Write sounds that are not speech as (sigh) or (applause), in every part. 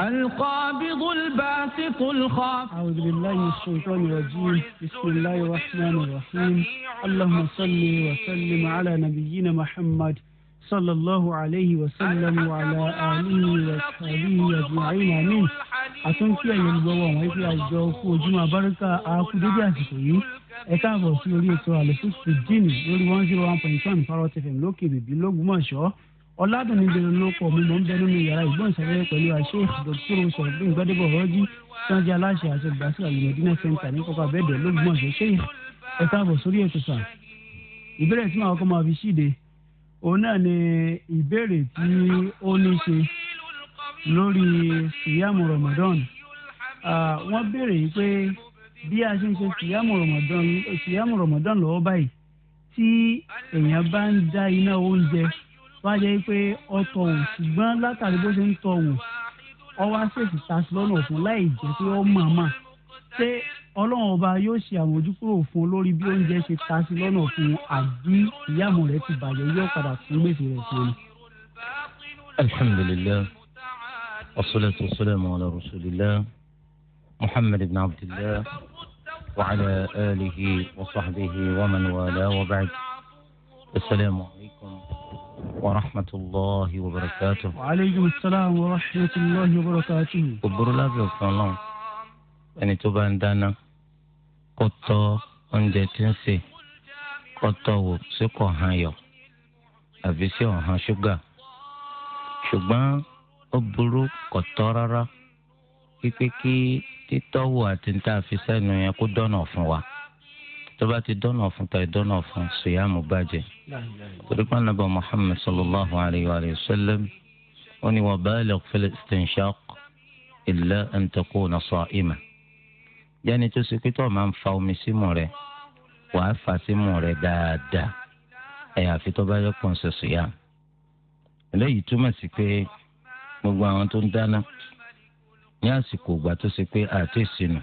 القابض الباسط الخافض أعوذ بالله من الشيطان الرجيم بسم الله الرحمن الرحيم اللهم صل وسلم على نبينا محمد صلى الله عليه وسلم وعلى آله وصحبه أجمعين آمين àtúntí ẹ̀yẹ gbọ́wọ́ àwọn ife àjọ kú ojúmọ́ abáríkà àkúdébí àsìkò yìí ẹ káàbọ̀ sí orí ètò àlùfíìsì dínì lórí one zero one point one parrot fm lókè bèbí lógúnmọ̀ṣọ́ ọ̀làdùnní bẹ̀rẹ̀ ló pọ̀ mi mò ń bẹ nínú yàrá ìgbóhùnsáfẹ́fẹ́ pẹ̀lú Sheikh Dr. sọ̀rọ̀dún gbadebo ọ̀rọ̀jì sanji aláṣẹ àti olùdásílẹ̀ alimọ̀dínà center ní kọ́kọ́ abẹ́ẹ̀dẹ̀ lÓgbómọ̀ṣọ́ ṣe ẹ̀ káàbọ̀ sórí ètò sàn. ìbéèrè tí màá kọ́ máa fi ṣíde òun náà ni ìbéèrè tí ó ní ṣe lórí síyàmù Ramadan wọ́n béèrè yìí pé bí a ṣe ń ṣe síyàmù Ramadan lọ́wọ́ báyìí tí èèyàn bá ń wọ́n á jẹ́ pé ọtọ̀ wò ṣùgbọ́n látàrí bó ṣe ń tọ̀ wò ọwọ́ àṣẹ̀sì taṣí lọ́nà ọ̀fun láì jẹ́ pé ó màmá ṣé ọlọ́run ọba yóò ṣe àmójúkúrò fún lórí bí oúnjẹ ṣe taṣí lọ́nà ọ̀fun àbí ìyàmú rẹ̀ ti bàjẹ́ yóò padà fún gbèsè rẹ̀ fún un. alhamdulilayi wasalaatu wasalaamu ala rasulillah muhammad ibn abdillah wa alihi wa sahbihi wa asalaamu alaykum. ورحمة الله وبركاته وعليكم السلام ورحمة الله وبركاته gbogbo lábẹ́ òfin ọlọ́run ẹni tó bá ń dáná kó tọ́ oúnjẹ tí ń sè kó tọ́ wò sí kò hàn yọ àbí sí ọ̀hán ṣúgà ṣùgbọ́n ó burú kò tọ́ rárá pípé kí títọ́wò àti níta fi sẹ́nu yẹn kó dọ̀nà fún wa tó bá ti dọ́nà fún ta ìdọ́nà fún ṣìyàmù bàjẹ́ torí pé ànábì muhammed sallallahu alayhi wa sallam ó ní wa baligh fil istinshaq illa an takuna sa'ima yẹni tó ṣe pé tó máa ń fa omi símù rẹ wàá fà símù rẹ dáadáa ẹ̀yà àfi yẹ kó ṣe ṣìyàmù eléyìí túmọ̀ sí pé gbogbo àwọn tó ń dáná ní àsìkò ìgbà tó ṣe pé àti ìsinú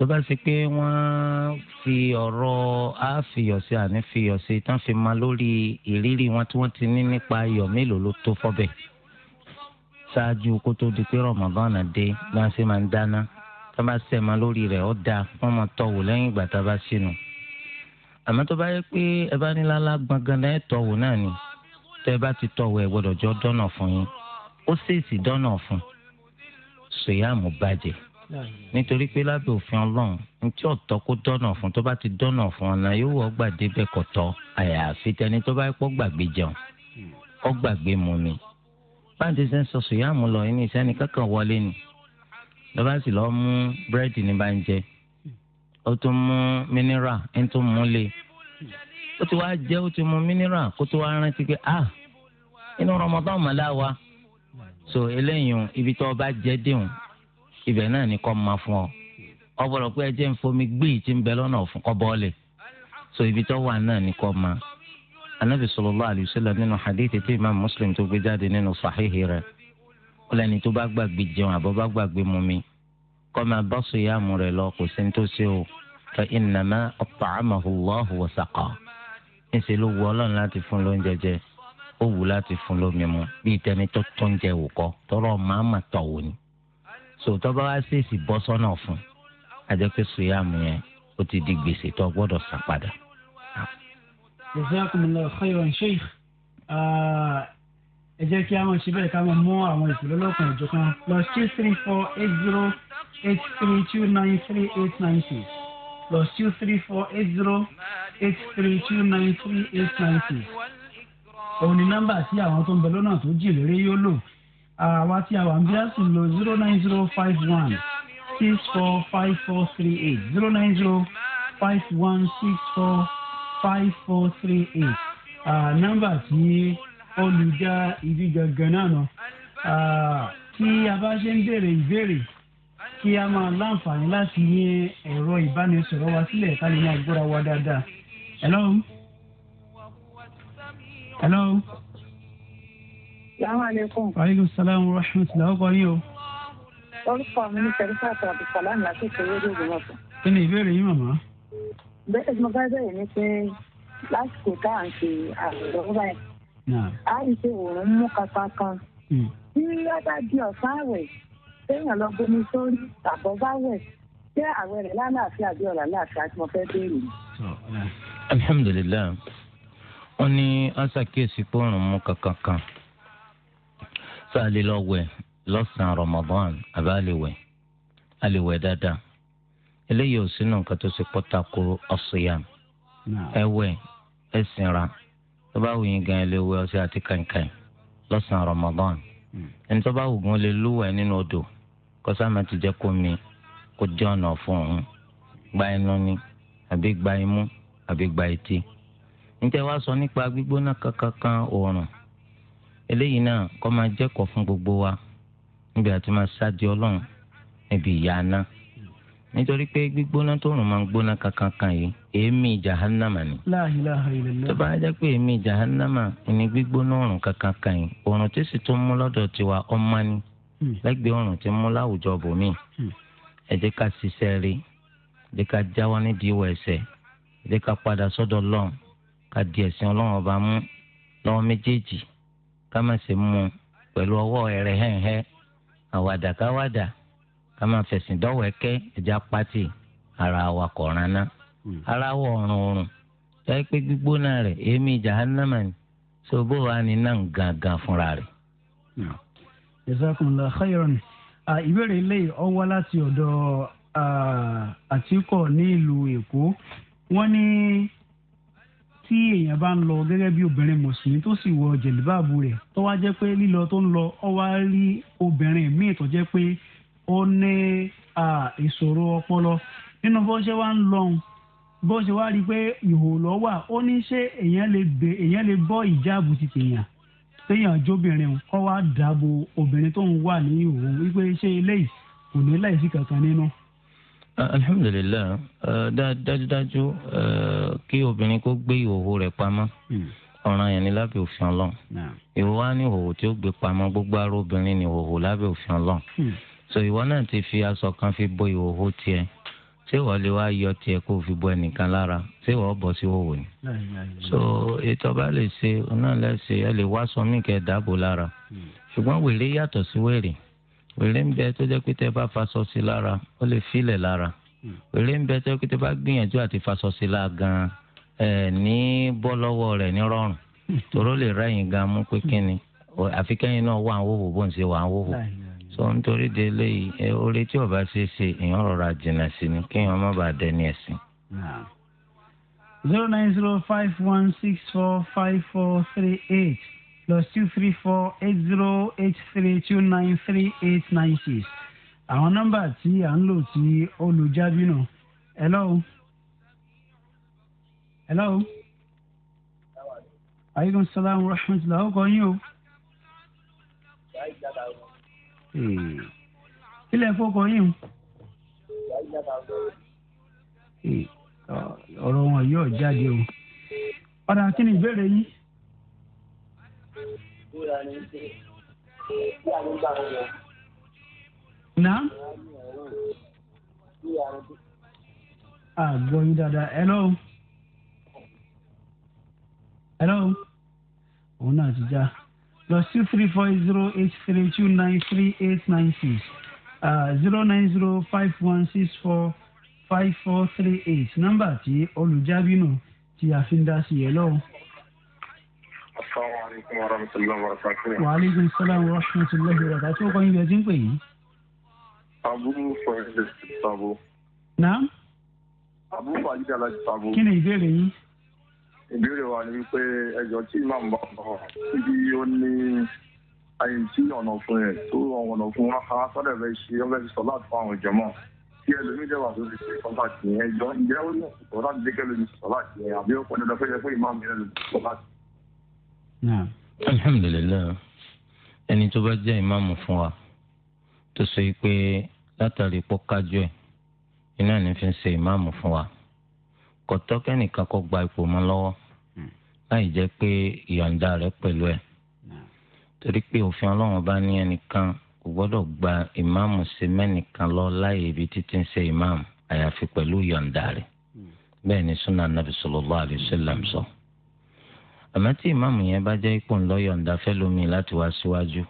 tó bá ṣe pé wọ́n fi ọ̀rọ̀ àfiyọ̀sí ànífiyọ̀sí tán fi máa lórí ìrírí wọn tí wọ́n ti ní nípa ayọ̀ mélòó ló tó fọ́bẹ̀ ṣáájú kó tó di pé rọmọbọ́nà dé bá ṣe máa ń dáná tó bá ṣe máa lórí rẹ̀ ó dáa wọ́n máa tọ̀wò lẹ́yìn ìgbà tá bá sínú àmọ́ tó bá yẹ pé ẹ bá ní lálá gbọ̀ngàn ẹ̀ tọ̀wò náà ni tẹ́ ẹ bá ti tọ̀wò ẹ̀ gbọ́dọ̀ jọ dọ́nà fún yín ó sì sì dọ́nà fún ṣèyá àmúbàjẹ́ nítorí pé lábẹ́ òfin ọlọ́run ntí ọ̀tọ́ kó dọ́nà fún tó bá ti dọ́nà fún ọ̀nà yóò wọ́ gbàdé bẹ́ẹ̀ kọ̀ tọ́ àyàfi tẹni tó bá pọ́ gbàgbé jẹun ọ gbàgbé mu mi báńtí sẹ́ ń sọ sùyàmù lọ inú iṣẹ́ ni kankan wọlé ni lọ́ba sì lọ́ọ́ mú búrẹ́dì ní bá ń jẹ ó tún mú mínírà ń tún mú lé ó ti wá jẹ́ ó ti mú mínírà kó tó wá rántí pé ah inú Ramadan mọ̀lá wa so eléyìí ibi tó ọba jẹ́ ibe náà ni kọ́ máa fún ọ bụrụ pé ẹ jẹ́ ń fomi gbé yìí tí ń bẹ so ibi tó wà náà ni kọ́ máa anabi sallallahu alayhi nínú imam muslim tó gbé jáde nínú sahihi rẹ̀ ó lẹni tó bá gbàgbé jẹun àbọ̀ bá gbàgbé mu mi máa bá sùyàmù rẹ̀ lọ kò sí ní tó ṣe o níṣẹ́ ló ọlọ́run láti fún jẹ ó wù láti fún tọrọ ni. sòtọ́ bá wá ṣèèṣì bọ́ sọ́nà fún àjẹpẹ́ sùyàmù yẹn ó ti di gbèsè tó gbọ́dọ̀ san padà. jazakumullahu khairan sheikh ẹ jẹ́ kí a máa ṣe bẹ́ẹ̀ ká máa mú àwọn ìpìlẹ̀ lọ́kàn ìjọkan plus two three four eight zero eight three two nine three eight nine six plus two three four eight zero eight three two nine three eight nine six òun ni nọ́mbà àwọn tó ń bẹ lọ́nà tó jìn lérè yóò lò àwa tí a wà ń zero nine zero five one six four five four three eight zero nine zero five one six four five four three eight nọ́mbà tí olùjà ìdí gangan náà nọ tí a bá ṣe ń béèrè ìbéèrè kí a máa láǹfààní láti yí ẹ̀rọ ìbánisọ̀rọ̀ wa sílẹ̀ ká lè máa gbọ́ra wa dáadáa. hello. hello salaamaleykum. aleykum salaam wa rahmatulah ọkọ yín o. orúkọ mi ni sẹ́ríkà àtàbí sàlámù láti ìṣòro ìlú ìgbìmọ̀sán. kí ni ìbéèrè yín màmá. bẹ́ẹ̀ ni mo fẹ́ bẹ̀rẹ̀ ni pé lásìkò tá à ń ṣe àlọ́ báyìí. a rí i pé òun mú kaka kan. bí hmm. ọba di ọ̀sán àwẹ̀ téèyàn lọ bomi sórí tàbọ̀ bá wẹ̀ ṣé àwẹ̀ rẹ̀ lálàáfíà bí ọ̀là láàfíà tí mo fẹ́ bẹ̀rẹ̀ ni. alhamdulilayi wọn ní asakiyesi pé òun mú kaka kan sáàlì lọ wẹ̀ lọ́sàn-án Ramadan àbá lè wẹ̀ a lè wẹ̀ dáadáa eléyìí ò sínú nǹkan tó ṣe pọ́tàkó ọ̀sùnyàm ẹ wẹ̀ ẹ sinra tó bá wù yín gan ẹ lè wẹ̀ ọṣẹ àti kànkàn lọ́sàn-án Ramadan hmm. ẹni tó bá wù gan lè lúwẹ̀ nínú odò kó sáàmà ti jẹ́ kó mi kó jẹ́ ọ̀nà fún òun gba ẹnu ni àbí gba imú àbí gba etí níta wá sọ nípa gbígbóná kankan oòrùn eléyìí náà kọ́ máa jẹ́kọ̀ọ́ fún gbogbo wa níbi àti máa ṣáàdì ọlọ́run níbi ìyà náà nítorí pé gbígbóná tó rùn máa ń gbóná kankankan yìí jahannama ni. tó bá jẹ́ pé èémí jahannama ni gbígbóná ọrụ kankankan yìí òrùn tó sì tún mú lọ́dọ̀ tiwa ọmọ ni hmm. lẹ́gbẹ̀ẹ́ mú láwùjọ bòmí. Hmm. ká ṣiṣẹ́ rí ká jáwọ́ nídìí ká má ṣe mú un pẹ̀lú ọwọ́ ẹ̀rẹ̀ hẹ́ǹhẹ́ àwàdàkáwàdà ká má fẹ̀sìn dọ́wẹ́kẹ́ ẹja pátì ara wa kọ̀ọ̀ràn náà hmm. ara wa ọ̀rùn ọ̀rùn táyé pé gbígbóná rẹ̀ èémí jahannama ni tó bó wa ni náà ń gangan fúnra rẹ̀. Hmm. jazakumullah khairan ìbéèrè ilé ọ láti ọ̀dọ̀ àtìkọ́ ní ìlú èkó wọ́n ní tí èèyàn bá ń lọ gẹ́gẹ́ bí obìnrin mùsùlùmí tó sì wọ jẹ̀lúbàbù rẹ̀ tó wá jẹ́ pé lílọ tó ń lọ ọ wá rí obìnrin míì tó jẹ́ pé ó ní ìṣòro ọpọlọ nínú bó ṣe wá ń lọhùn bó ṣe wá rí i pé ìhò lọ wà ó ní ṣé èèyàn lè bọ́ ìjáàbù ti tèèyàn téèyàn jóbìnrin kọ́ wá dàbò obìnrin tó ń wà ní ìhò wípé ṣé eléyìí kò ní láìsí kankan nínú alhamdulilayi dájúdájú kí obìnrin kó gbé ìhòòhò rẹ̀ pamọ́ hmm. ọ̀ràn yẹn ni lábẹ́ òfin ọlọ́run ìwọ wá ní ìhòòhò tí ó gbé pamọ́ gbogbo ara obìnrin ní ìhòòhò lábẹ́ òfin ọlọ́run hmm. so ìwọ náà ti fi aṣọ kan fi bo ìhòòhò tiẹ̀ ṣé ìwọ lè wá yọ tiẹ̀ kó fi bo ẹnìkan lára ṣé ìwọ bọ́ sí ìhòòhò ni. so ètò ọba lè ṣe ọ̀nà lẹ́sẹ̀ ẹ lè wá sọ mí kẹ́ dáàbò lára hmm. ṣùgbọ́n wèrè yàtọ̀ sí wèrè wèrè ń bẹ tó jẹ́ pé tẹ́ bá faṣọ sí lára ó lè filẹ̀ lára wèrè ń bẹ tó jẹ́ pé tẹ́ bá gbìyànjú àti faṣọ sí lára gan-an ẹ̀ ní bọ́ lọ́wọ́ rẹ̀ ní rọrùn tòró lè ráyìn gan mú pé kínni àfi kẹ́yìn náà wà ń wò wò bó ń ṣe wà ń wò wò so nítorí de eléyìí ẹ e, tí ọba ṣe ṣe èèyàn rọra jìnnà sí ni kéèyàn má bàa dẹni ẹ̀sìn. zero nine zero five one six four five four three eight plus two three four eight zero eight three two nine three eight nine six àwọn nọ́mbà tí à ń lò tí olùjábí nù hello hello aleykum salaam wa rahmatulah ọkọ yín o. ilẹ̀ fọkọ yín o hmm. ọ̀rọ̀ wọn yóò jáde o. ọ̀dà kí ni ìbéèrè yín búra ní ṣe bí àwọn gbà wọn lọ. Nà. Àgbọ̀ yín dáadáa. Hello. Hello. Òun náà ti já. Plus two three four zero eight three two nine three eight nine six zero nine zero five one six four five four three eight nọ́mbà tí olùjábínú tí a fi ń dá sí ẹ lọ́wọ́ asalaamualeykum wa rahmatulahi wa barakatuh. wa aleykum salaam wa rahmatulahi wa barakatuh. o kò ní bẹ tí ń pè abu fayida sabo. naam. abu fayida la sabo. kí ni ìbéèrè yín. wa ni pé ẹjọ́ tí màá bá ọ síbi ó ní àyè tí ọ̀nà fún ẹ̀ tó ọ̀nà fún wa ká sọ́dọ̀ ẹ̀ ṣe ọ̀bẹ sọ láti fún àwọn ìjọmọ́ tí ẹlòmíì dẹ̀ wà lórí ṣe sọ́lá tì yẹn jọ ǹjẹ́ ó ní ọ̀sán láti dé kẹ́lòmíì sọ́lá tì yẹn àbí ó pọn dandan fẹ́ yẹ fún ìmáàmù yẹn lòmíì sọ́lá tì yẹn alhamdulilayi ẹni tó bá jẹ́ ìmáàmù fún wa tó sọ yìí pé látàrí pọ́ kájú ẹ̀ iná ní fi ń ṣe ìmáàmù fún wa kò tọ́ kẹ́nìkan kó gba ipò mọ́ lọ́wọ́ hmm. láì jẹ́ pé ìyọ̀ǹda rẹ̀ pẹ̀lú ẹ̀ torí pé òfin ọlọ́run bá ní ẹnìkan kò gbọ́dọ̀ gba ìmáàmù ṣe mẹ́nìkan lọ láì ibi títí ń ṣe ìmáàmù àyàfi pẹ̀lú ìyọ̀ǹda rẹ̀ hmm. bẹ́ẹ̀ ni sunan nabi sallallahu alayhi wa sallam sọ àmọ́ tí ìmáàmù yẹn bá jẹ́ ipò ńlọ́yọ̀ǹda fẹ́ lómi láti wá síwájú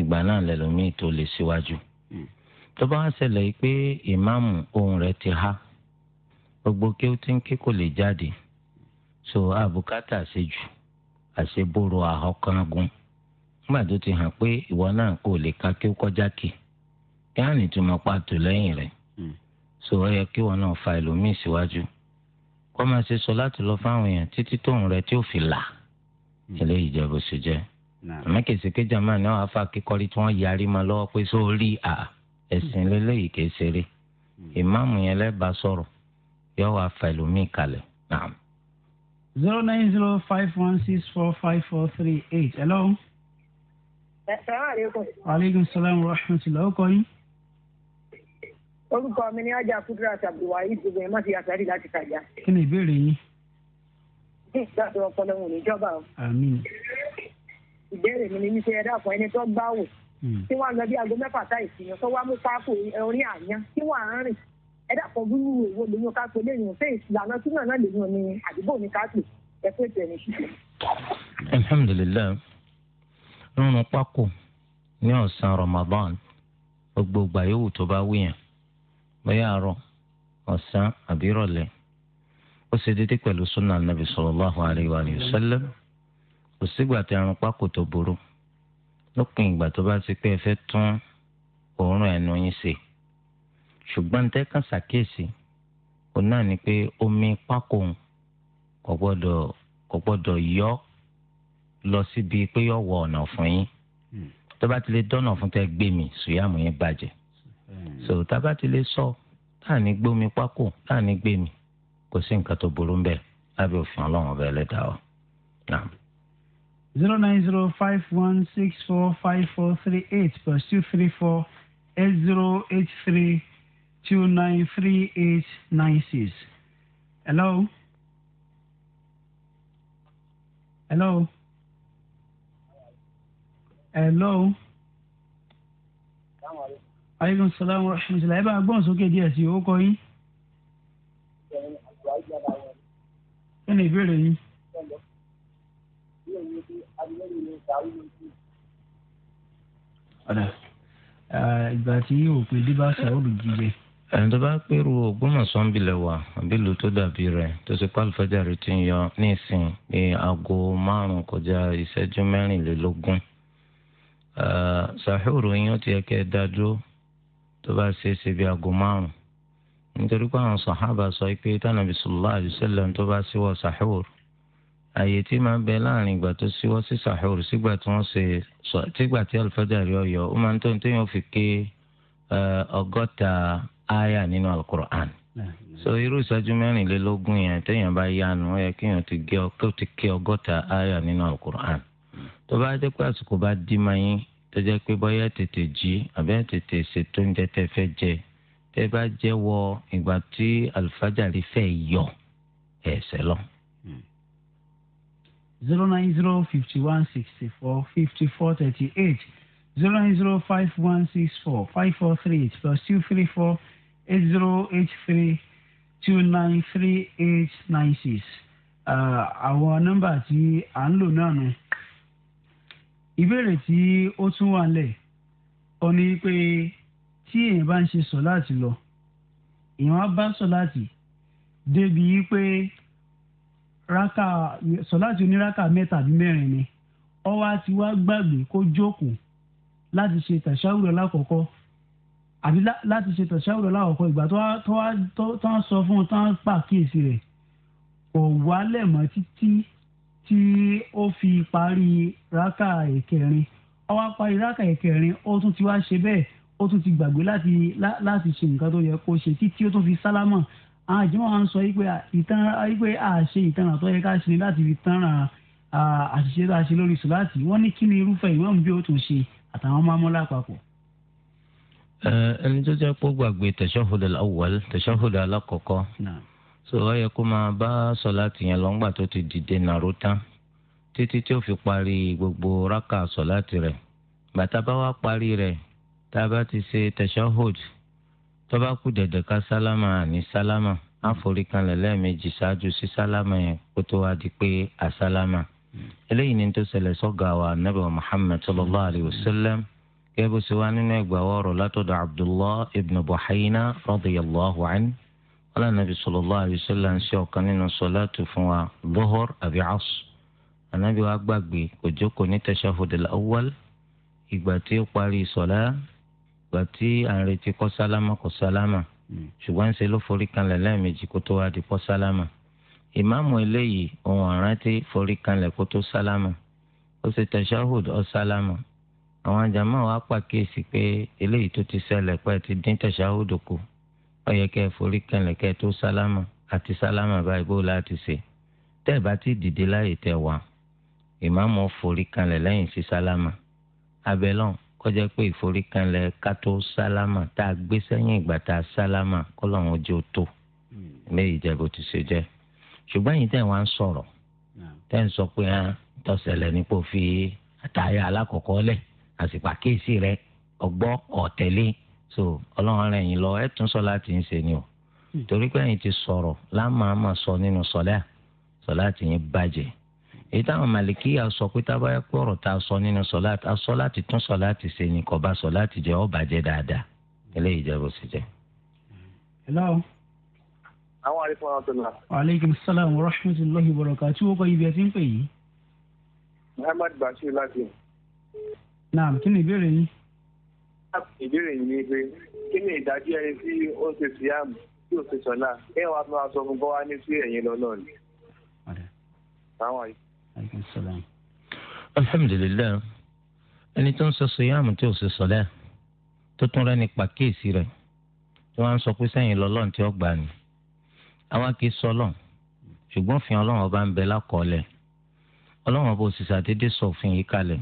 ìgbà náà lẹ́lòmíì tó lè síwájú. Hmm. tó bá wá ṣẹlẹ̀ pé ìmáàmù ohùn rẹ̀ ti há gbogbo kí kò lè jáde so àbùkátà àṣejù àṣeboro àhọkàngun nígbà tó ti hàn pé ìwọ náà kò lè ka kí ó kọjá kì kí á nìtumọ̀ pàtó lẹ́yìn rẹ̀ hmm. so ó yẹ kí wọn náà fa ẹlòmíì síwájú. Si kọ́ máa ṣe sọ láti lọ fáwọn èèyàn títí tóun rẹ tí ò fi là tẹ́lẹ̀ hmm. ìjẹ́bù ṣe jẹ́ àmọ́ kèsì pé jama náà afa kíkọ́rí tí wọ́n yarí ma lọ́wọ́ pé sórí à ẹ̀sìn lélẹ́yìí kìí ṣeré hmm. ìmáàmù yẹn lẹ́bàá sọ̀rọ̀ yọ wá fẹlùmíì kalẹ̀ zero nine zero five one six four five four three eight hello. assalamu alaikum. wa aleykum salaam wa rahmatullahi wa barakatuh orúkọ mi ni ajá kudrat abdulwaheed gbogbo ẹ má ti àṣàrí láti kàjá. kí ni ìbéèrè yín. bí ìgbàdo ọpọlọ wọn jọba o. àmín. ìbéèrè mi ni wípé ẹ dákun ẹni tó gbá wò. Hmm. tí wọn lọ bí aago mẹ́fà tá ìsìnyàn tó wá mú pákó orin àyàn tí wọn à ń rìn. ẹ dákun búrú èwo lèyìn kápẹ lẹ́yìn fẹ ìlànà tí náà lèyìn ní àdúgbò ní kápẹ ẹ pé tẹ ní ṣíṣe. alhamdulilayi rúnrún gbogbo ìgbà tó bá wíyàn bóyá àárọ̀ ọ̀sán àbí ìrọ̀lẹ́ ó ṣe déédéé pẹ̀lú súnà nàbì sallallahu alaihi wa sallam kò sígbà tí àrùn pákó tó burú lópin ìgbà tó bá ti pé ẹ fẹ́ tún òórùn ẹnu yín ṣe ṣùgbọ́n tẹ́kàn ṣàkíyèsí òun náà ni pé omi pákó kò kò gbọ́dọ̀ yọ lọ síbi pé yọ wọ ọ̀nà fún yín hmm. tó bá ti lè dọ́nà fún tẹ́ gbé mi sùyàmù yín bàjẹ́ so tábà ti lè sọ táà ní gbómi pákó táà ní gbèmí kò sí nǹkan tó burú bẹ́ẹ̀ lábẹ́ òfin ọlọ́run ọba ẹlẹ́dàá ọ. zero nine zero five one six four five four three eight plus two three four eight zero eight three two nine three eight nine six. hello. hello. hello aleykum salaam wa rahmatulah ẹ bá gbọ́n sókè díẹ̀ sí orúkọ yín. kí ni ìbéèrè yín. ọ̀dà ìgbà tí òpin débà sàrúdù jíjẹ. ẹni tó bá pẹ̀rù Ògbómọ̀ṣọ́ ń bilẹ̀ wà àbí ìlú tó dàbí rẹ̀ tó ṣe pálífẹ́jà rẹ̀ ti ń yọ ní ìsìn ní aago márùn-ún kọjá ìṣẹ́jú mẹ́rìnlélógún. sàhóòrò yín ó ti yẹ kẹ́ ẹ dá dúró tó bá ṣe é ṣe bí aago márùn nítorí pé àwọn sàhábà sọ pé tánàbí sallallahu alaihi tó bá ṣíwọ́ sàhóòrù àyè tí máa bẹ láàrin ìgbà tó ṣíwọ́ sí sàhóòrù sígbà tí wọ́n ṣe tí alifájàrí ọyọ ó máa ń tó nítorí fi ké nínú alukur'an so irú ìṣẹ́jú mẹ́rìnlélógún yẹn téèyàn bá yánu ké nínú alukur'an tó bá tó jẹ́ pé bóyá tètè jí àbẹ́ tètè ṣètò oúnjẹ tẹ́ fẹ́ jẹ tẹ́ bá jẹ́ wọ ìgbà tí àlùfájàrí fẹ́ yọ ẹ̀ṣẹ̀ lọ. zero nine zero fifty one sixty four fifty four thirty eight zero nine zero five one six four five four three eight plus two three four eight zero eight three two nine three eight nine six uh, àwọn nọ́mbà tí à ń lò náà nù ìbéèrè tí ó tún wà lẹ̀ ọ ni pé tí èèyàn bá ń ṣe sọ láti lọ èèyàn á bá sọ láti débi pé rákà sọ láti onírákà mẹ́ta àbí mẹ́rin ni ó wá ti wá gbàgbé kó jókòó láti ṣe tàṣàwùrọ̀ lákọ̀ọ́kọ́ àbí láti ṣe tàṣàwùrọ̀ lákọ̀ọ́kọ́ ìgbà tó wá sọ fún un tó ń pàkíyèsí rẹ̀ kò wálẹ̀ mọ́ títí tí ó fi parí rákà ìkẹrin ó parí rákà ìkẹrin ó tún ti wá ṣe bẹ́ẹ̀ ó tún ti gbàgbé láti láti ṣe nǹkan tó yẹ kó ṣe títí ó tún fi sálámà àwọn àjẹmọ́ wa ń sọ wípé àṣe ìtanràn tó yẹ ká ṣe ni láti fi tanràn àṣìṣe tá a ṣe lórí sùláàtì wọ́n ní kí ni irúfẹ́ ìmáàmù bí ó tún ṣe àtàwọn máa mọ́ lápapọ̀ ẹni tó jẹ́ pé ó gbàgbé tẹ̀sánfòdà awwal tẹ̀sánfòdà alákọ̀ọ́kọ́ so ọ yẹ kó máa bá sọláàtì yẹn lọ́ngbà tó ti dìde nàró tán títí tí ó fi parí gbogbo rákà sọláàtì rẹ̀ bàtà bá wá parí rẹ̀ tá a bá ti ṣe tashahhud tó bá kù dẹ̀dẹ̀ ká sálámà ní sálámà àforíkanlẹ̀ lẹ́ẹ̀mejì ṣáájú sí sálámà yẹn kó tó wá di pé àsálámà eléyìí ni tó ṣẹlẹ̀ sọ́gà wa nabi muhammed sallallahu alayhi wa sallam kẹ́ẹ́ bó ṣe wá nínú ẹgbàá ọ̀rọ̀ látọ̀dọ̀ abdullah ibn buhayna radiyallahu anhu alánàbì sallallahu alaihi wasallam ń ṣe ọ̀kan nínú sọláàtù fún wa bọ́họ́r àbí ọ́s ànábì wa gbàgbé kò jókòó ní tashahudul awwal ìgbà tí ó parí sọlá ìgbà tí à ń retí kó sálámà kó sálámà hmm. ṣùgbọ́n ṣe ló forí kanlẹ̀ lẹ́ẹ̀mejì kó tó wá di kó sálámà ìmáàmù eléyìí ohun àrántí forí kanlẹ̀ kó tó sálámà ó ṣe tashahud ó sálámà àwọn jàmáà wa pàkíyèsí pé eléyìí tó ti ṣẹlẹ̀ pẹ́ ti dín tashahud kù ọyẹ kẹ́ forí kanlẹ̀ kẹ́ tó sálámà àti sálámà báyìí bó láti ṣe tẹ́ ẹ bá ti dìde láyè tẹ́ wà ìmáàmù forí kanlẹ̀ lẹ́yìn sí sálámà abẹ́lọ́n kọjá pé ìforí kanlẹ̀ kátó sálámà tá a gbé sẹ́yìn ìgbà tá a sálámà kọ́lọ́run ojú tó hmm. léyìí jẹ́ bó ti ṣe jẹ́ ṣùgbọ́n yìí tẹ́ wá ń sọ̀rọ̀ tẹ́ ń sọ pé tọ́sẹ̀lẹ̀ nípò fi àtàyà alákọ̀ọ́kọ́ lẹ̀ àsìkò rẹ ọgbọ́ ọ̀tẹ̀lé so ọlọ́run rẹ̀ yín lọ ẹ tún sọ láti ń ṣe ni o hmm. torí pé ẹ̀yin ti sọ̀rọ̀ lámàámà sọ nínú sọlá sọlá ti yín bàjẹ́ èyí táwọn màlìkíyà sọ pé tábàyà pé ọ̀rọ̀ tá a sọ nínú sọlá a sọ láti tún sọ láti ṣe ni kò bá sọ láti jẹ ọ bàjẹ́ dáadáa hmm. eléyìí jẹ́ bó ṣe jẹ́. hello. àwọn àrífọ́ ọ̀rọ̀ tó lọ. aleykum salaam wa rahmatulahi wa barakatuh tí wọ́n kọ ibi ẹ ń pè yìí. muhammad bashir láti. naam kí ni ìbéèrè yín ìbéèrè yìí ni pé kí ni ìdájọ́ ẹni tí ó ṣe síyàm tí ó ṣe sọ́lá ẹ wàá fún wa sọ fún bọ́wá ní sí ẹ̀yìn lọ́nà ni. alhamdulilayi ẹni tó ń sọ síyàm tí ó ṣe sọ́lá tó tún rẹ́ni pàkíyèsí rẹ̀ tí wọ́n á sọ pé sẹ́yìn lọ́lọ́run tí ó gbà ní àwa kì í sọlọ́ọ̀ ṣùgbọ́n fi ọlọ́run ọba ń bẹ lákọọ́lẹ̀ ọlọ́run ọba òṣìṣẹ́ àdédé sọ òfin yìí kalẹ̀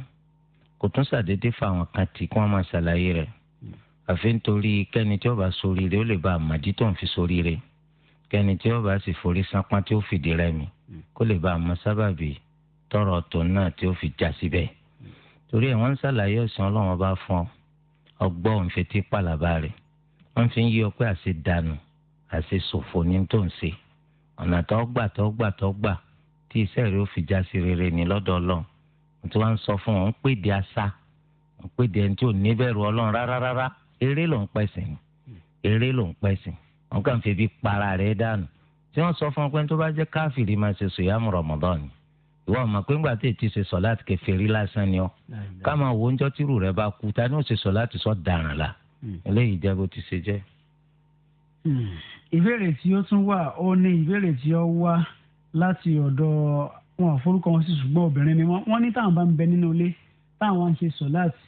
kò tún ṣàdédé fáwọn kan tí kí wọ́n máa ṣàlàyé rẹ̀ àfi nítorí kẹ́ni tí ó bá soríire ó lè bá àmàdí tó ń fi soríire kẹ́ni tí ó bá sì forí sápá tí ó fìdí rẹmi kó lè bá àmọ́ sábàbí tọrọ tó náà tí ó fi já síbẹ̀ torí ẹ̀ wọ́n ń ṣàlàyé ọ̀sán ọlọ́wọ́n bá fún ọ ọgbọ́n òun fetí pàlàbà rẹ̀ wọ́n fi ń yí ọ pé àṣẹ dànù àṣẹ ṣòfò ní tó ń ṣe ọ̀nà tó gbà tó gbà tó gbà tí iṣẹ́ rẹ̀ ó fi já sí rere ní lọ́dọ̀ ọlọ́run wọ́n ti wá ń sọ fún wọn ń pè di asa ń pè di ẹni tí ò ní bẹ̀rù ọlọ́run rárá rárá eré ló ń pẹ̀sìn eré ló ń pẹ̀sìn wọn kàn fi bí para rẹ̀ dànù tí wọ́n sọ fún ọ pé tó bá jẹ́ káfíìrì máa ṣe sòyàmù rọ̀mọ́dán ni ìwọ ọmọ pé ńgbà tí ètí ṣe sọ láti kèfèrí lásán ni ọ ká máa wo oúnjẹ tírù rẹ bá kú ta ni ó ṣe sọ láti sọ dàrán la hmm. eléyìí jẹ bó ti ṣe jẹ. Hmm. ìbéèrè tí ó tún wà ó ní ìbéèrè tí ó wá láti ọ̀dọ̀ wọn ò forúkọ wọn sí ṣùgbọ́n obìnrin ni wọ́n ní táwọn bá ń bẹ nínú ilé táwọn ń ṣe sọ̀láàtì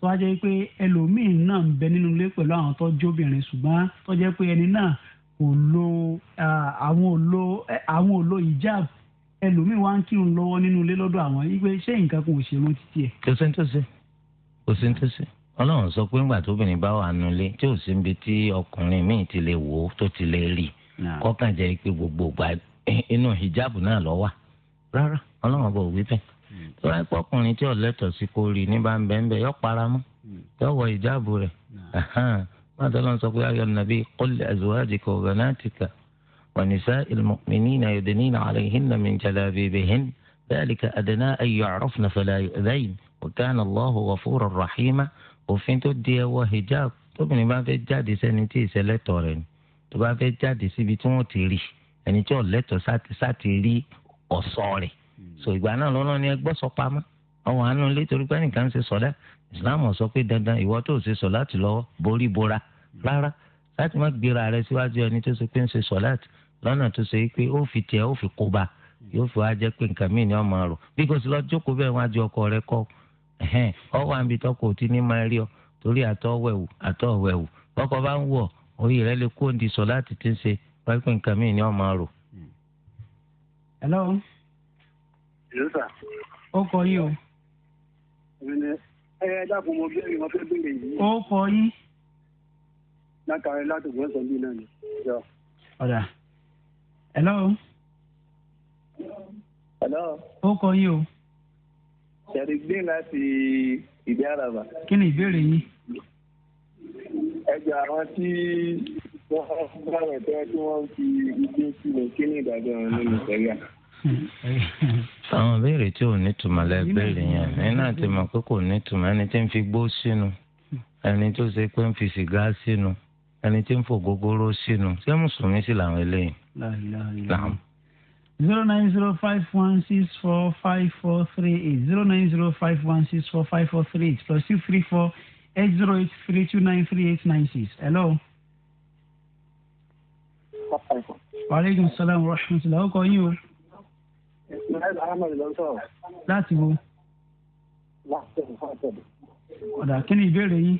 tó wá jẹ́ pé ẹlòmíín náà ń bẹ nínú ilé pẹ̀lú àwọn tó ṣùgbọ́n tó pé ẹni náà kò lo àwọn ò àwọn ò lo hijab ẹlòmíín wá ń kírun lọ́wọ́ nínú ilé lọ́dọ̀ àwọn wípé ṣé nǹkan kan ò ṣe mọ́ títí ẹ̀. kò sí ní tó ṣe kò sí ní tó ṣe ọlọ́run sọ pé ńgbà tóbìnrin bá wà nulé tí ò sí níbi tí ọkùnrin míì ti lè wò ó tó ti lè rí kọ́kàn jẹ́ pé gbogbo ìgbà inú hijab náà ló wà. rárá ọlọ́run ọba ò wí bẹ́ẹ̀ tó wáyé pọ́kùnrin tí ọ̀lẹ́tọ̀ sí kò rí ní bá ń bẹ́ẹ̀ bẹ́ẹ̀ yọ para mọ́ yọ wọ ìjáàbù rẹ̀ máa tọ́lọ́ sọ pé ayọ̀ nàbí kọ́lẹ̀ azwajika wa banatika wa nisa'il mu'minina yudnina 'alayhinna min jalabibihinna dhalika adna an yu'rafna wa kana Allahu ghafuran rahima òfin tó di ẹwọ hijab tóbìnrin bá fẹ́ jáde sẹ́ni tí ìṣẹ̀lẹ̀tọ̀ rẹ̀ ni tó bá fẹ́ jáde síbi tí wọ́n ti iseleto ni ẹni jade sibi ọ̀sọ́ rẹ̀ hmm. so ìgbà náà lọ́nà ni ẹgbọ́ sọ pamọ́ ọwọ́ àánú ilé torí pé nìkan ń ṣe sọ̀dá islam sọ pé dandan ìwọ tó ṣe sọ láti lọ́wọ́ borí bora hmm. rárá láti má gbéra rẹ síwájú ẹni tó ṣe pé ń ṣe sọ láti lọ́nà tó ṣe fi tiẹ̀ ó fi kó ba hmm. fi wá jẹ́ pé nǹkan ni ọmọ rò bí kò sí lọ jókòó bẹ́ẹ̀ ọkọ rẹ kọ́ ọ wà níbi tọkọ ò ti ní máa rí ọ torí àtọ àtọ bá ń sọ láti ti ń hello. hello sir. ó kọ yín o. ẹ ẹ dákun mo bẹ̀rẹ̀ mo fẹ́ bẹ̀rẹ̀ yìí. ó kọ yín. látàrí látòkò ẹ̀sọ́ bíi náà ni. ọ̀dà hello. hello. ó kọ yín o. ṣẹ̀rí gbé láti ìdí àràbà. kí ni ìbéèrè yín. ẹ jẹ́ àwọn tí wọ́n bá wọn tẹ́ kí wọ́n fi ibi sílẹ̀ kí ní ìdájọ́ wọn nínú sẹ́yà. àwọn ìbéèrè tí ò ní tùmọ̀ lẹ́gbẹ̀rẹ̀ yẹn ní náà ti mọ̀ pé kò ní tùmọ̀ ẹni tí ń fi gbó sínú ẹni tó ṣe pé ń fi sìgá sínú ẹni tí ń fò gógóró sínú ṣé mùsùlùmí sì làwọn eléyìí. zero nine zero five one six four five four three eight zero nine zero five one six four five four three eight plus two three four eight zero eight three two nine three eight nine six. hello waaleykum salaam wa rahmatulah ọkọ yín o. ismail ahmed ló ń sọ̀rọ̀. láti wo. láti ẹ̀ka ọ̀sẹ̀dẹ̀. ọ̀dà kí ni ìbéèrè yín.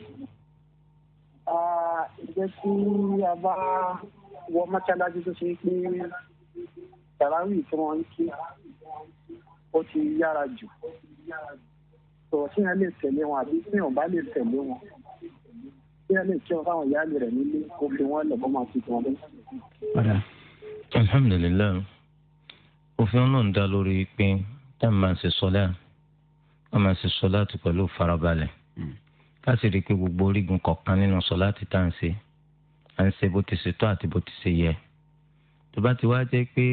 ǹjẹ́ tí a bá wọ mọ́ṣáláṣí tó ṣe pé tàràwì tí wọ́n ń kí ó ti yára jù. sọ̀rọ̀ sí yẹn lè tẹ̀lé wọn àbí tí yẹn ò bá lè tẹ̀lé wọn bí ẹ lè kí ọ fáwọn ìyáàlì rẹ nílé kó fi wọn lẹ kó máa fi wọn lé. padà alhamdulilayi òfin ọlọ́run dá lórí pé tá a máa ṣe sọ́lá a máa ṣe sọ́lá tó pẹ̀lú farabalẹ̀ hmm. ká sì rí i pé gbogbo orígun kọ̀ọ̀kan nínú sọ́lá ti tá à ń ṣe à ń ṣe bó ti ṣe tó àti bó ti ṣe yẹ tó bá ti wá jẹ́ pé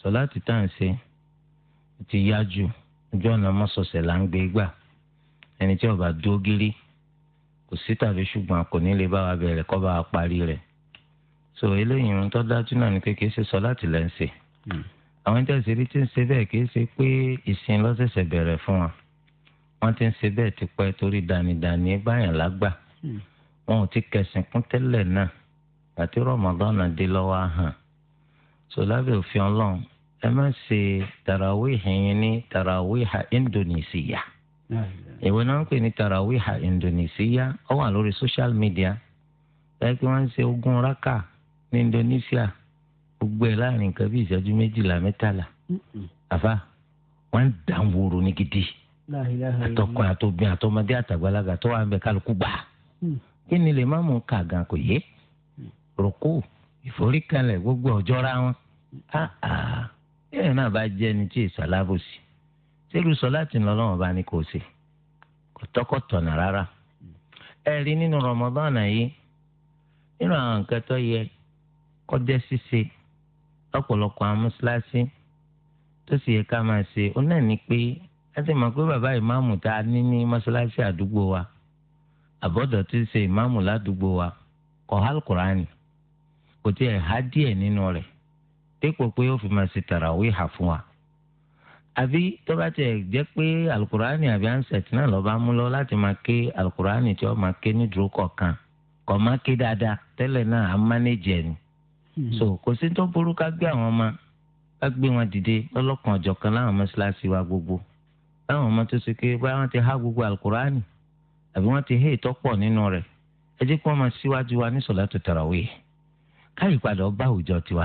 sọ́lá ti tá à ń ṣe ti yá ju ojú ọ̀nà mọ́sọ̀ọ̀sẹ̀ là ń gbé gbà ẹni tí ó bá dúró gírí kò sí tàbí ṣùgbọ́n kò ní lè bá wa bẹ̀rẹ̀ kọ́ bá wa parí rẹ̀ so eléyìí ohun tó dájú náà ni pé kì í ṣe sọ láti lẹ́ ń ṣe hmm. àwọn tẹ̀sí rí ti ń ṣe bẹ́ẹ̀ kì í ṣe pé ìsìn lọ́sẹ̀sẹ̀ bẹ̀rẹ̀ fún wa wọ́n ti ń ṣe bẹ́ẹ̀ tipẹ́ torí danidani báyàn lágbà hmm. wọn ò ti kẹsìn kún tẹ́lẹ̀ náà àti rọmọdọ́nà dé lọ́wọ́ hàn so lábẹ́ òfin ọlọ́run ẹ má ṣe tàràwíhìn ní tàràwíhà Indonesia ìwé náà ń pè ní tarawiha Indonesia ó wà lórí social media báyìí pé wọ́n ń ṣe ogún raka ní Indonesia gbogbo ẹ̀ láàrin nǹkan bí ìṣẹ́jú méjìlá mẹ́tàlá àfa wọ́n ń dà ń woro ní gidi àtọkùn àtòbí àtọmọdé àtàgbàlagbà tó wà ń bẹ kálukú gbà mm. kí ni lè má mú un kà gan kò yé mm. roko ìforíkalẹ̀ gbogbo ọjọ́ra wọn mm. ah, ah. ẹ náà bá jẹ́ ẹni tí èso alábòsí sẹ́rù sọ láti lọ́lọ́wọ́n bá ní kò sí kò tọ́kọ̀tọ̀nà rárá ẹ rí nínú Ramadan yìí nínú àwọn nǹkan tó yẹ kọjá ṣíṣe lọ́pọ̀lọpọ̀ àwọn mọ́ṣáláṣí tó sì yẹ ká máa ṣe ó náà ní pé mọ̀ pé bàbá ìmáàmù tá a ní ní mọ́ṣáláṣí àdúgbò wa àbọ̀dọ̀ tí ń ṣe ìmáàmù ládùúgbò wa kọ̀ hálùkùránì kò há díẹ̀ nínú rẹ̀ àbí tó bá tiẹ̀ jẹ́ pé alukurani àbí ansẹ̀t náà lọ́ọ́ bá mú lọ láti máa ké alukurani tí ó máa ké ní dúró kọ̀ọ̀kan kò máa ké dáadáa tẹ́lẹ̀ náà á mánéjì ẹ̀ ni. Hmm. so kò sí tó burú ká gbé àwọn ọmọ ká gbé wọn dìde lọ́lọ́kan ọ̀jọ̀ kan láwọn mọ́ṣáláṣí wa gbogbo láwọn ọmọ tó ṣe ké báyà wọ́n ti há gbogbo alukurani àbí wọ́n ti hé ìtọ́pọ̀ nínú rẹ̀ ẹ jẹ́ kí wọ́n máa síwájú wa ní sọ̀látù tarawih káyìí padà ọba àwùjọ tiwa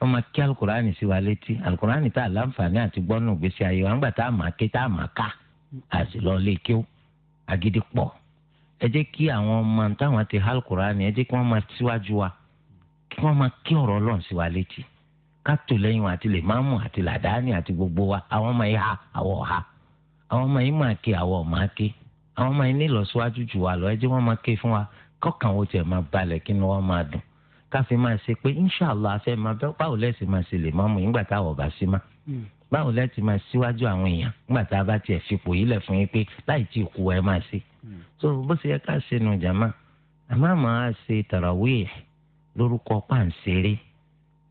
wọ́n máa kí alukurani sí wa létí alukurani tá a láǹfààní àti gbọ́nù gbèsè ayé wa ńgbà tá a máa ké tá a máa ká àti lọ lè kí ó agídí pọ̀ ẹ jẹ́ kí àwọn ọmọ táwọn ti há alukurani ẹ jẹ́ kí wọ́n máa síwájú wa kí wọ́n máa kí ọ̀rọ̀ ọlọ́run sí wa létí ká tò lẹ́yìn wa àti lè máa mú àti làdáni àti gbogbo wa àwọn ọmọ yìí ha àwọ̀ ha àwọn ọmọ yìí máa ké àwọ̀ máa ké àwọn ọmọ yìí nílọsíwájú jù wá lọ ẹ jẹ́ wọ́n máa ké káfí máa ṣe pé inshàlá afẹ́ máa bẹ́ báwo lẹ́sì máa ṣe lè máa mú yín gbà táwọn ọ̀bà sí má hmm. báwo lẹ́sì máa síwájú àwọn èèyàn nígbà bá tiẹ̀ fipò yìí fún yín pé láì tí kú ẹ máa ṣe. Hmm. so bó ṣe yẹ ká ṣe nu jàmá àmọ́ àmọ́ á ṣe tarawih lórúkọ pàǹṣẹ́rẹ́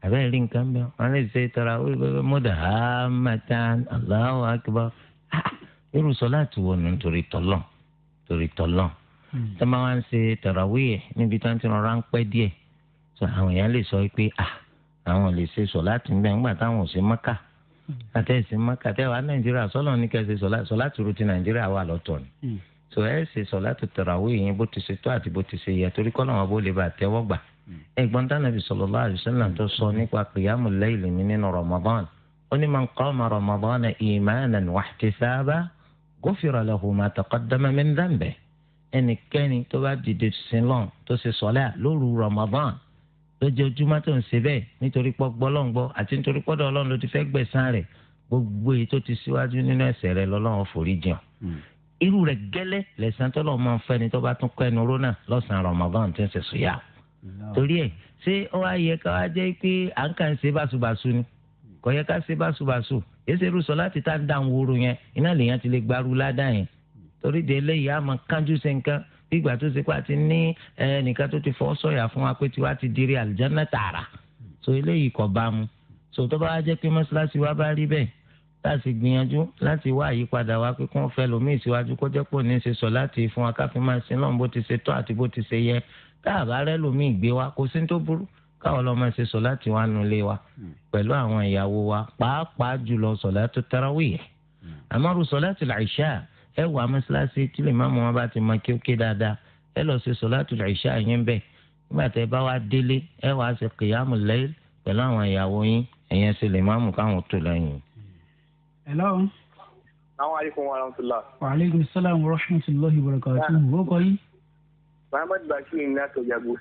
àbẹ́ rí nǹkan bẹ́ẹ̀ wọ́n lè ṣe tarawih bẹ́ẹ̀ mọ́dà hamatan Allahu akbar ah, irú sọlá hmm. ti wọ̀ nù torí tọ́lọ̀ torí tọ́lọ̀ àwọn èèyàn lè sọ pé à ah, àwọn lè ṣe sọ láti ń bẹ ńgbà táwọn ò ṣe mọ́kà hmm. àtẹ̀sí mọ́kà tẹ́wàá nàìjíríà sọ́lọ́ ní kẹ́sì sọ láti ru ti nàìjíríà wà lọ́tọ̀ ni hmm. so ẹ ṣe sọ láti tàràwí yẹn bó ti ṣe tó àti bó ti ṣe yẹ torí kọ́nà wọn bó lè bá tẹ́wọ́ gbà hmm. ẹ̀gbọ́n tánàbí sallallahu alaihi wasallam tó sọ nípa qiyamul layl mi nínú Ramadan ó ní man qama Ramadan imanan wahtisaban ghufira lahu ma taqaddama min dhanbihi ẹnikẹ́ni tó bá dìde sílọ̀ tó ṣe sọ́lá lóru Ramadan lójoojúmọ́ tó ń ṣe bẹ́ẹ̀ nítorí pọ́ gbọ́lọ́ngbọ́ àti nítorí pọ́dọ̀ ọlọ́run ló ti fẹ́ gbẹ̀san rẹ̀ gbogbo èyí tó ti síwájú nínú ẹ̀ṣẹ̀ rẹ̀ lọ́lọ́run forí jìn hmm. irú rẹ̀ gẹ́lẹ́ lẹ̀san tọ́lọ́ máa ń fẹ́ni tó bá tún kọ́ ẹnu rónà lọ́sàn-án Ramadan tó ń ṣe sùyà torí ẹ̀ ṣé ó wá yẹ ká wá jẹ́ pé à ń kàn ṣe báṣubàṣu ni kò yẹ ká ṣe báṣubàṣu èsì rúṣọ láti tá à ń dà ń woro yẹn iná lèèyàn ti lè gbarú ládàá yẹn torí de eléyìí á máa kánjú sí nǹkan bí ìgbà tó ṣe pé a ti ní ẹnìkan tó ti fọ́ sọ̀yà fún wa pé tiwa ti dirí àlùjáná tààrà so eléyìí kò bá mu so tó bá jẹ́ pé mọ́ṣáláṣí wa bá rí bẹ́ẹ̀ tá a sì gbìyànjú láti wá àyípadà wa pé kí wọ́n fẹ́ lòmíì síwájú kó jẹ́ pò ní í ṣe sọ láti fún wa káfí máa ṣe náà bó ti ṣe tọ́ àti bó ti ṣe yẹ tá a lòmíì gbé wa kò sí tó burú káwọn lọ́ọ́ máa ṣe sọ láti wá nulẹ̀ wa pẹ̀lú àwọn ìyàwó wa pàápàá jùlọ sọ̀látù tarawih àmọ́rù sọ̀látù al-isha ẹ wà mọ́ṣáláṣí tí lè má mọ́ wọn bá ti mọ kí ó ké dáadáa ẹ lọ ṣe sọ̀látùl ìṣá yín bẹ́ẹ̀ nígbà tẹ́ bá wá délé ẹ wàá ṣe kìyàmù lẹ́yìn pẹ̀lú àwọn ìyàwó yín ẹ̀yẹn ṣe lè má mú káwọn tó lẹ́yìn. hello. Assalamu alaikum wa rahmatullah. Wa alaikum wa rahmatullahi wa barakatuh. Wo Bashir ní láti Òjàgbó.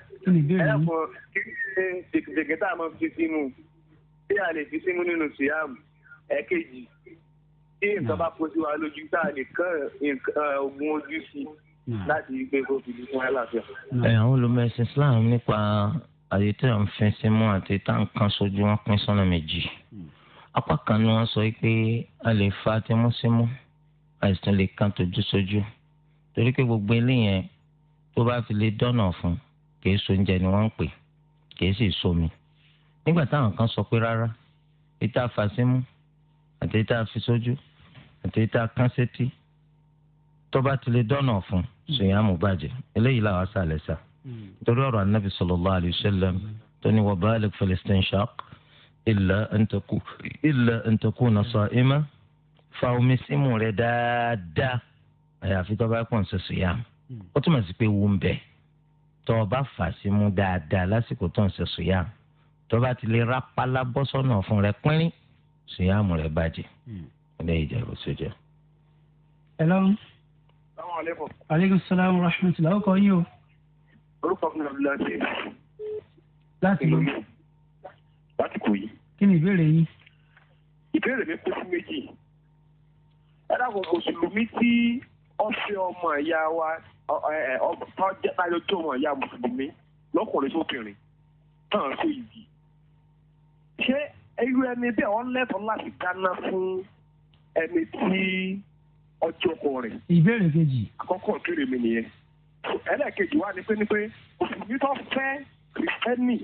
Kí ni ṣe dèkèdèkè tá a máa fi sínú. Ṣé a lè fi sínú nínú síyàmù? Ẹ̀kejì, tí nǹkan hmm. bá fojú wa lójú tá a nìkan ogun ojú sí hmm. láti gbé kó fi fún hmm. ẹ láàfin. àwọn olùmẹ̀sìn Islam nípa àyè tí à ń fin sí mú àti tá à ń kan sójú wọn pín sọ́nà méjì apá kan ni wọ́n sọ pé a lè fa tẹmú símú àìsàn lè kan tójú sójú torí pé gbogbo eléyẹn tó bá fi lè dọ́nà fún kìí so oúnjẹ ni wọ́n ń pè kìí sì somi nígbà táwọn kan sọ pé rárá ìta fàṣímú àti ìta fi sójú àti ìta kánṣẹ́tì tọ́ba ti lè dọ́nà fún ṣèyàmù bàjẹ́ eléyìí làwọn aṣàlẹ̀ sà torí ọ̀rọ̀ anábì sallallahu alayhi wa sallam tó ní wa balig fil istinshaq illa an takuna illa an takuna sa'ima fa omi símù rẹ̀ dáadáa àyàfi tọ́ba pọ̀ ń ṣe ṣèyàmù ó túmọ̀ sí pé wù ń bẹ̀ tọ́ba fà símù dáadáa lásìkò tó ń ṣe tọ́ba ti rápálá bọ́sọ̀nà fún rẹ̀ pínrín ṣèyàmù rẹ̀ bàjẹ́ ilé ìjẹ̀bù sójà. ẹ lọ́run. salaamaleykum. aleykum salaam wa rahmatulah ọkọ yín o. orúkọ mi lọ́dún láti. láti ló. láti kò yí. kí ni ìbéèrè yín. ìbéèrè mi kú sí méjì. ẹ dàgbọ́ mùsùlùmí tí ọ̀sẹ̀ ọmọ ìyá wa tọ́jà táyọ̀ tó ọmọ ìyá mùsùlùmí lọ́kùnrin sókèrè tán sí ìdí. ṣé irú ẹni bẹ́ẹ̀ wọ́n lẹ́tọ̀ọ́ láti dáná fún ẹni tí ọjọ́ kọ rẹ̀. ìbéèrè kejì. àkọ́kọ́ ìbéèrè mi nìyẹn. ẹlẹ́ẹ̀kejì wà ni pé ní pé mùsùlùmí tó fẹ́ kìrìsìtẹ́nì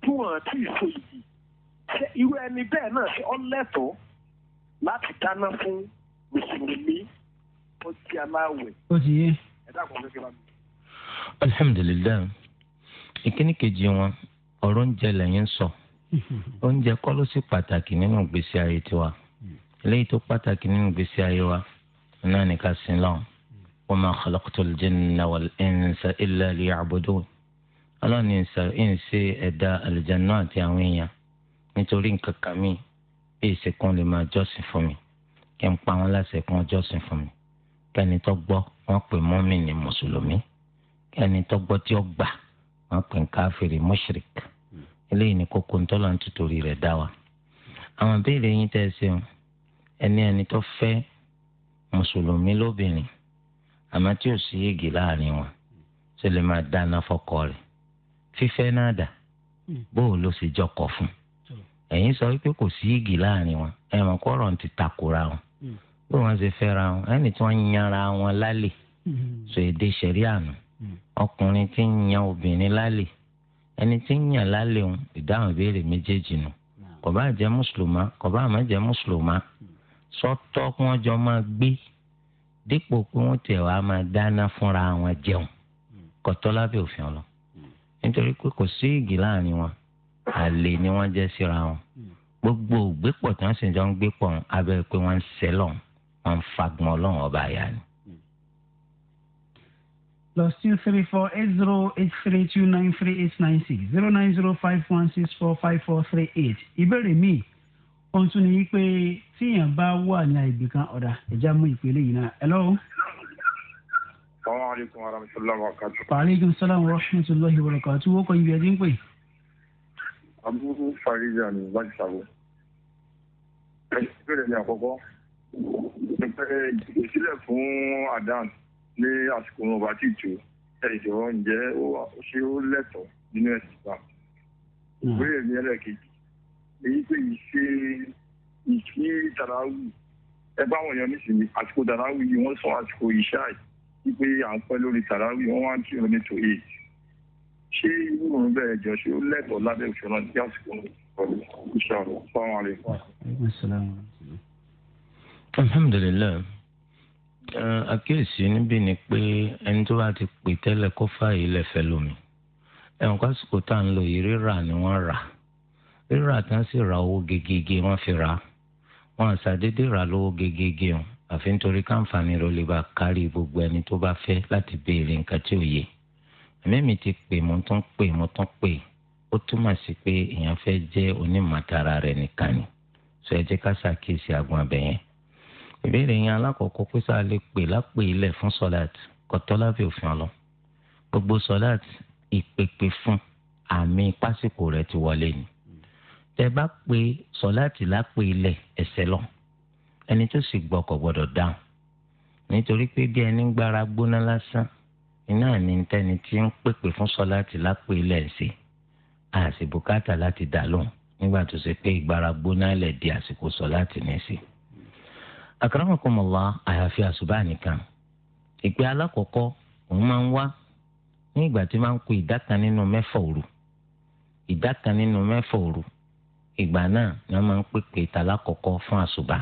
tí wọ́n ti so ìdì ṣé irú ẹni bẹ́ẹ̀ náà ṣe ọ́ lẹ́tọ̀ọ́ láti dáná fún mùsùlùmí tó di aláwẹ̀. ó ti yé. ẹ dákun ní kí n bá mi. alhamdulilayi ìkíní kejì wọn ọ̀rọ̀ oúnjẹ lẹ́yìn sọ (laughs) oúnjẹ kọ́ ló sì pàtàkì nínú ìgbésí ayé tiwa eléyìí tó pàtàkì nínú ìgbésí ayé wa náà ní ká sin lọ́wọ́ wa ma khalaqtul jinna wal insa illa liya'budun ọlọ́ọ̀ni ń ṣe ẹ̀dá àlùjáná àti àwọn èèyàn nítorí nǹkan kan mi bí ìsìnkún lè máa jọ́sìn fún mi kí n pa wọn láṣẹ kí wọ́n jọ́sìn fún mi kẹ́ni tó gbọ́ wọ́n pè mọ́mì ní mùsùlùmí kẹ́ni tó gbọ́ tí ó gbà wọ́n pè ń káfíìrì mushrik eléyìí ni kókó ń tọ́lọ́ ń tutorí rẹ̀ dá wa. àwọn béèrè yín tẹ́ ẹ ṣeun ẹni ẹni tó fẹ́ mùsùlùmí lóbìnrin àmọ́ tí ò sí igi láàrin wọn ṣe lè máa dáná fọ́kọ rẹ̀ fífẹ́ náà dà hmm. bóò ló ṣe jọkọ fún ẹ̀yin sọ wípé kò sí igi láàrin wọn ẹ̀wọ̀n kọ́rọ̀ ti takora wọn hmm. bí wọ́n ṣe fẹ́ra wọn ẹni tí wọ́n yanra wọn lálẹ́ hmm. sọ èdè ṣẹ̀rí àná ọkùnrin tí ń yan obìnrin lálẹ́ ẹni tí ń yàn lálẹ́ ìdáhùn ìbéèrè méjèèjì nù kò bá mùsùlùmá kò bá má mùsùlùmá sọ́tọ̀ kí wọ́n jọ máa gbé dípò pé wọ́n tẹ̀ wá máa dáná fúnra wọn jẹun kọ́tọ́ lábẹ́ òfin ọ̀lọ́ nítorí pé kò sí ìgì láàrin wọn àlè ni wọ́n jẹ́ síra wọn gbogbo ògbépọ̀ tí wọ́n sì jọ ń gbé pọ̀ abẹ́ pé wọ́n ń sẹ́lọ̀ wọ́n ń fagbọn ọlọ́run ọba àyà ni plus two three four eight zero eight three two nine three eight nine six zero nine zero five one six four five four three eight ìbéèrè míì ohun tún ni wípé tíyàn bá wà ní àìbì kan ọ̀dà ẹ̀já mú ìpele yìí náà. ẹ̀lọ́. salaamaleykum wa rahmatulahi wa barakatu. waaleykum salaam wa rahmatulahi wa barakatu. wọ́n kọ́ ibi ẹ̀dí pè. abu farija ni báyìí sáwọ́. ìbéèrè mi àkọ́kọ́ ìsílẹ̀ fún adan ní àsìkò wọn bá ti tù ẹ̀jọ̀ ǹjẹ́ ó ṣe ó lẹ́tọ̀ọ́ nínú ẹ̀sìn bá. Hmm. ìbéèrè mi ẹlẹ́kejì èyí pé ìṣe ìṣí tàràwù ẹ bá wọn yan nísìnyí àsìkò tàràwù yìí wọ́n sọ àsìkò ìṣáì wípé à ń pẹ́ lórí tàràwù wọ́n wá ń kí oní tó eight ṣé irú òun bẹ́ẹ̀ jọ ṣé ó lẹ́tọ̀ọ́ lábẹ́ òṣèlú àti àsìkò ìṣòro fáwọn àlejò. alhamdulilayi àkíyèsí níbí ni pé ẹni tó bá ti pè tẹ́lẹ̀ kó fààyè lẹ̀ fẹ́ lómi ẹ̀wọ̀n kásìkò tá à ń lò yìí rírà ni wọ́n rà á rírà tán sì ra owó gegege wọn fi ra wọn àṣàdédé ra lówó gegege o àfi nítorí káǹfààní rẹ̀ lè bá kárí gbogbo ẹni tó bá fẹ́ láti béèrè nǹkan tí ò yé ẹmẹmí ti pè mo tún pè mo tún pè ó túmọ̀ sí pé èèyàn fẹ́ jẹ́ onímọ̀tara rẹ̀ nìkan ni sọ ẹ jẹ́ ká ṣàkíyèsí àgbọn abẹ yẹn ìbéèrè yẹn alákọ̀ọ́kọ́ pé sáà lè pè lápè ilẹ̀ fún sọ́láàt kọ́tọ́ lábẹ́ òfin ọlọ gbogbo sọ́láàt ìpèpè fún àmì pásìkò rẹ̀ ti wọlé ni tẹ bá pé sọláàtì lápè ilẹ̀ ẹ̀sẹ̀ lọ ẹni tó sì gbọ́ kò gbọ́dọ̀ dáhùn nítorí pé bí ẹni gbára gbóná lásán iná ní tẹni tí ń pèpè fún sọláàtì lápè ilẹ̀ ń ṣe àti bùkátà láti dà lóhùn nígbà tó ṣe pé ìgbára gbóná lẹ̀ di àsìkò sọláàtì ní sí. àkàràmọ̀kọ́mọ̀lá àyàfi àṣùbà nìkan ìpè alákọ̀ọ́kọ́ òun máa ń wá ní ìgbà tí máa ń kó ìdá kan nínú mẹ́fà òru ìdá kan nínú mẹ́fà òru ìgbà náà ni wọ́n máa ń pèpè tàlá kọ̀kọ́ fún àṣùbà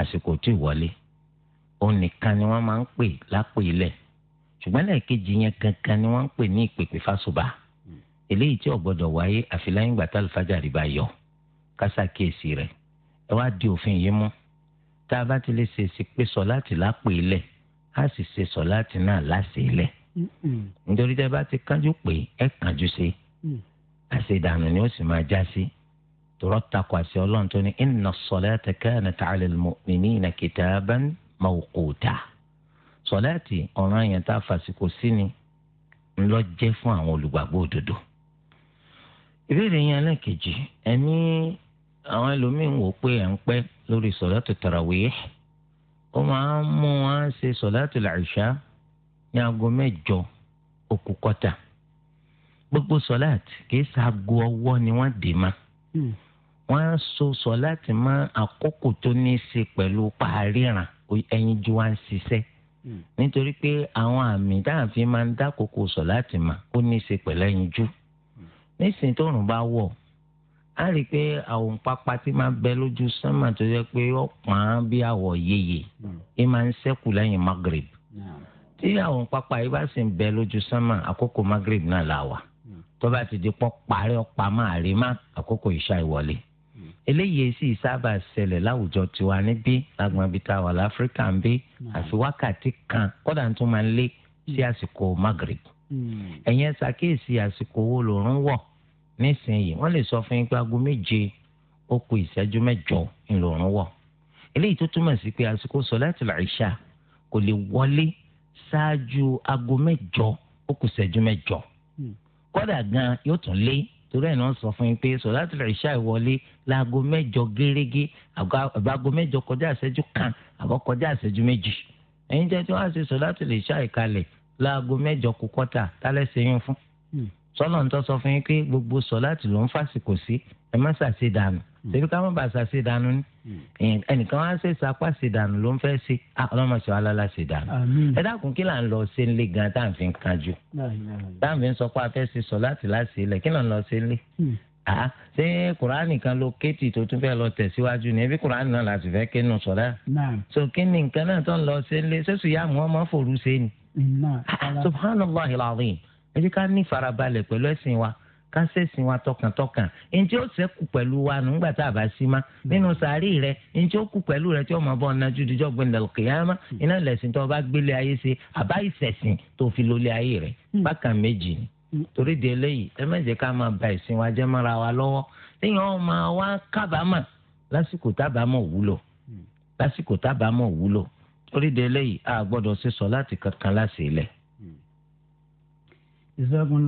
àsìkò tí ìwọlé òun nìkan ni wọ́n máa ń pè lápò ilẹ̀ ṣùgbọ́n lẹ́ẹ̀kejì yẹn kankan ni wọ́n ń pè ní ìpèpè fásùbà eléyìí tí ò gbọdọ̀ wáyé àfi lẹ́yìn ìgbà tálùfájà rí bá yọ kásá kíyèsí rẹ̀ ẹ wá di òfin yìí mú tá a bá ti lè ṣe sí pé sọ lápò ilẹ̀ á sì ṣe sọ náà láṣẹ ilẹ̀ nítorí tẹ́ bá ti kánjú pé ẹ kánjú ṣe mm. àṣedànù ni ó sì máa já sí tòrọ́ takò àṣẹ ọlọ́run tó ní inna as-salata kanat 'ala al-mu'minina kitaban mawquta sọ̀láàtì ọ̀ràn yẹn tá a fàṣìkò sí ni ńlọ jẹ́ fún àwọn olùgbàgbọ́ òdodo. ìbéèrè yẹn ẹlẹ́kejì ẹni àwọn ẹlòmíín wò pé ẹ̀ ń pẹ́ lórí sọ̀láàtì tarawih ó máa ń mú wọn ṣe sọ̀láàtì làṣà ní aago mẹ́jọ òkú kọ́tà gbogbo sọ̀láàtì kì í ṣaago ọwọ́ ni wọ́n dè má wọ́n á so sọ láti mọ àkókò tó ní í ṣe pẹ̀lú pàríran ẹyin ju wa ń ṣiṣẹ́ hmm. nítorí pé àwọn àmì dáàfin máa ń dákòókò sọ láti mọ ó ní í ṣe pẹ̀lú ẹyin ju hmm. nísìnyí tóòrùn bá wọ̀ á rí i pé àwọn pápá tí máa bẹ lójú sánmà tó yẹ pé ó pọ́n bí àwọ̀ yeye ẹ hmm. máa ń ṣẹ́kù lẹ́yìn magreb tí àwọn pápá yìí bá sì ń bẹ lójú sánmà àkókò magreb náà là wà tó bá ti di pọ́ parí ọ̀pá máa rí má àkókò ìṣá ìwọlé eléyìí sì sábà ṣẹlẹ̀ láwùjọ tiwa níbí lágbọn ibi tá a wà láfíríkà ń bí hmm. àfi wákàtí kan kódà tó máa ń lé sí hmm. àsìkò Maghrib hmm. ẹ̀yin ẹ̀ ṣàkíyèsí àsìkò wo lòórùn wọ̀ nísìnyí wọ́n lè sọ fún yín pé aago méje ó kù ìṣẹ́jú mẹ́jọ ńlọrùn wọ̀ eléyìí tó túmọ̀ sí pé àsìkò sọ̀láàtì làìṣà kò lè wọlé ṣáájú aago mẹ́jọ ó kù ìṣẹ́jú mẹ́jọ kódà gan yóò tún lé torí ẹ̀ náà sọ fún yín pé sọ̀láàtì ìṣá ìwọlé láago mẹ́jọ gérégé àbágo mẹ́jọ kọjá àṣẹjú kan àbọ̀ kọjá àṣẹjú méjì ẹ̀yin jẹ́ tí wọ́n á ṣe sọ̀láàtì ìṣá ìkalẹ̀ láago mẹ́jọ kù kọ́tà tálẹ́ ṣe yín fún hmm. sọ́lọ́ǹtọ́ sọ fún yín pé gbogbo sọ̀láàtì ló ń fàṣìkò sí ẹ má ṣàṣe dànù ṣebí ká má bàa ṣà ṣe dànù ni hmm. ẹnìkan wá ṣe sapá ṣe dànù ló ń fẹ́ ṣe ah, ọlọ́mọ ṣe alálà ṣe dànù ẹ dákun kí là ń lọ ṣe ń lé gan tá à ń fi kanjú tá à ń fi sọ pé a fẹ́ ṣe sọ láti láṣẹ ilẹ̀ kí là ń lọ ṣe ń lé a ṣé kuraani kan ló kéètì tó tún fẹ́ lọ tẹ̀síwájú ni ẹbí kuraani náà láti fẹ́ kínú sọ̀rọ̀ so kí ni nǹkan náà tó ń lọ ṣe ń lé ṣé sùn yá àwọn ọmọ fòrú ṣe ni ah, subhanallah ilaahi ẹ jẹ́ ká ní farabalẹ̀ pẹ̀lú ẹ̀sìn wa kásẹ̀sìn wa tọkàntọkàn njẹ́ ó sẹ́kù pẹ̀lú wa nígbà tá a bá sí ma nínú sàárì rẹ njẹ́ ó kù pẹ̀lú rẹ tí ọmọ bọ́ ọ̀nà jùdíjọ́ gbẹ̀ndẹ̀ kìyàmá iná lẹ̀sìn tó bá gbélé ayé ṣe àbá ìṣẹ̀sìn tó fi lólé ayé rẹ hmm. bákan méjì ni hmm. torí di eléyìí ẹ má ká máa ba ìsìn wa jẹ́ mọ́ra wa lọ́wọ́ téèyàn máa wá kábàámà lásìkò tábàámọ̀ wúlò hmm. lásìkò tábàámọ̀ wúlò torí di eléyìí a gbọ́dọ̀ ṣe sọ láti kankan láṣìí lẹ̀. ìṣègùn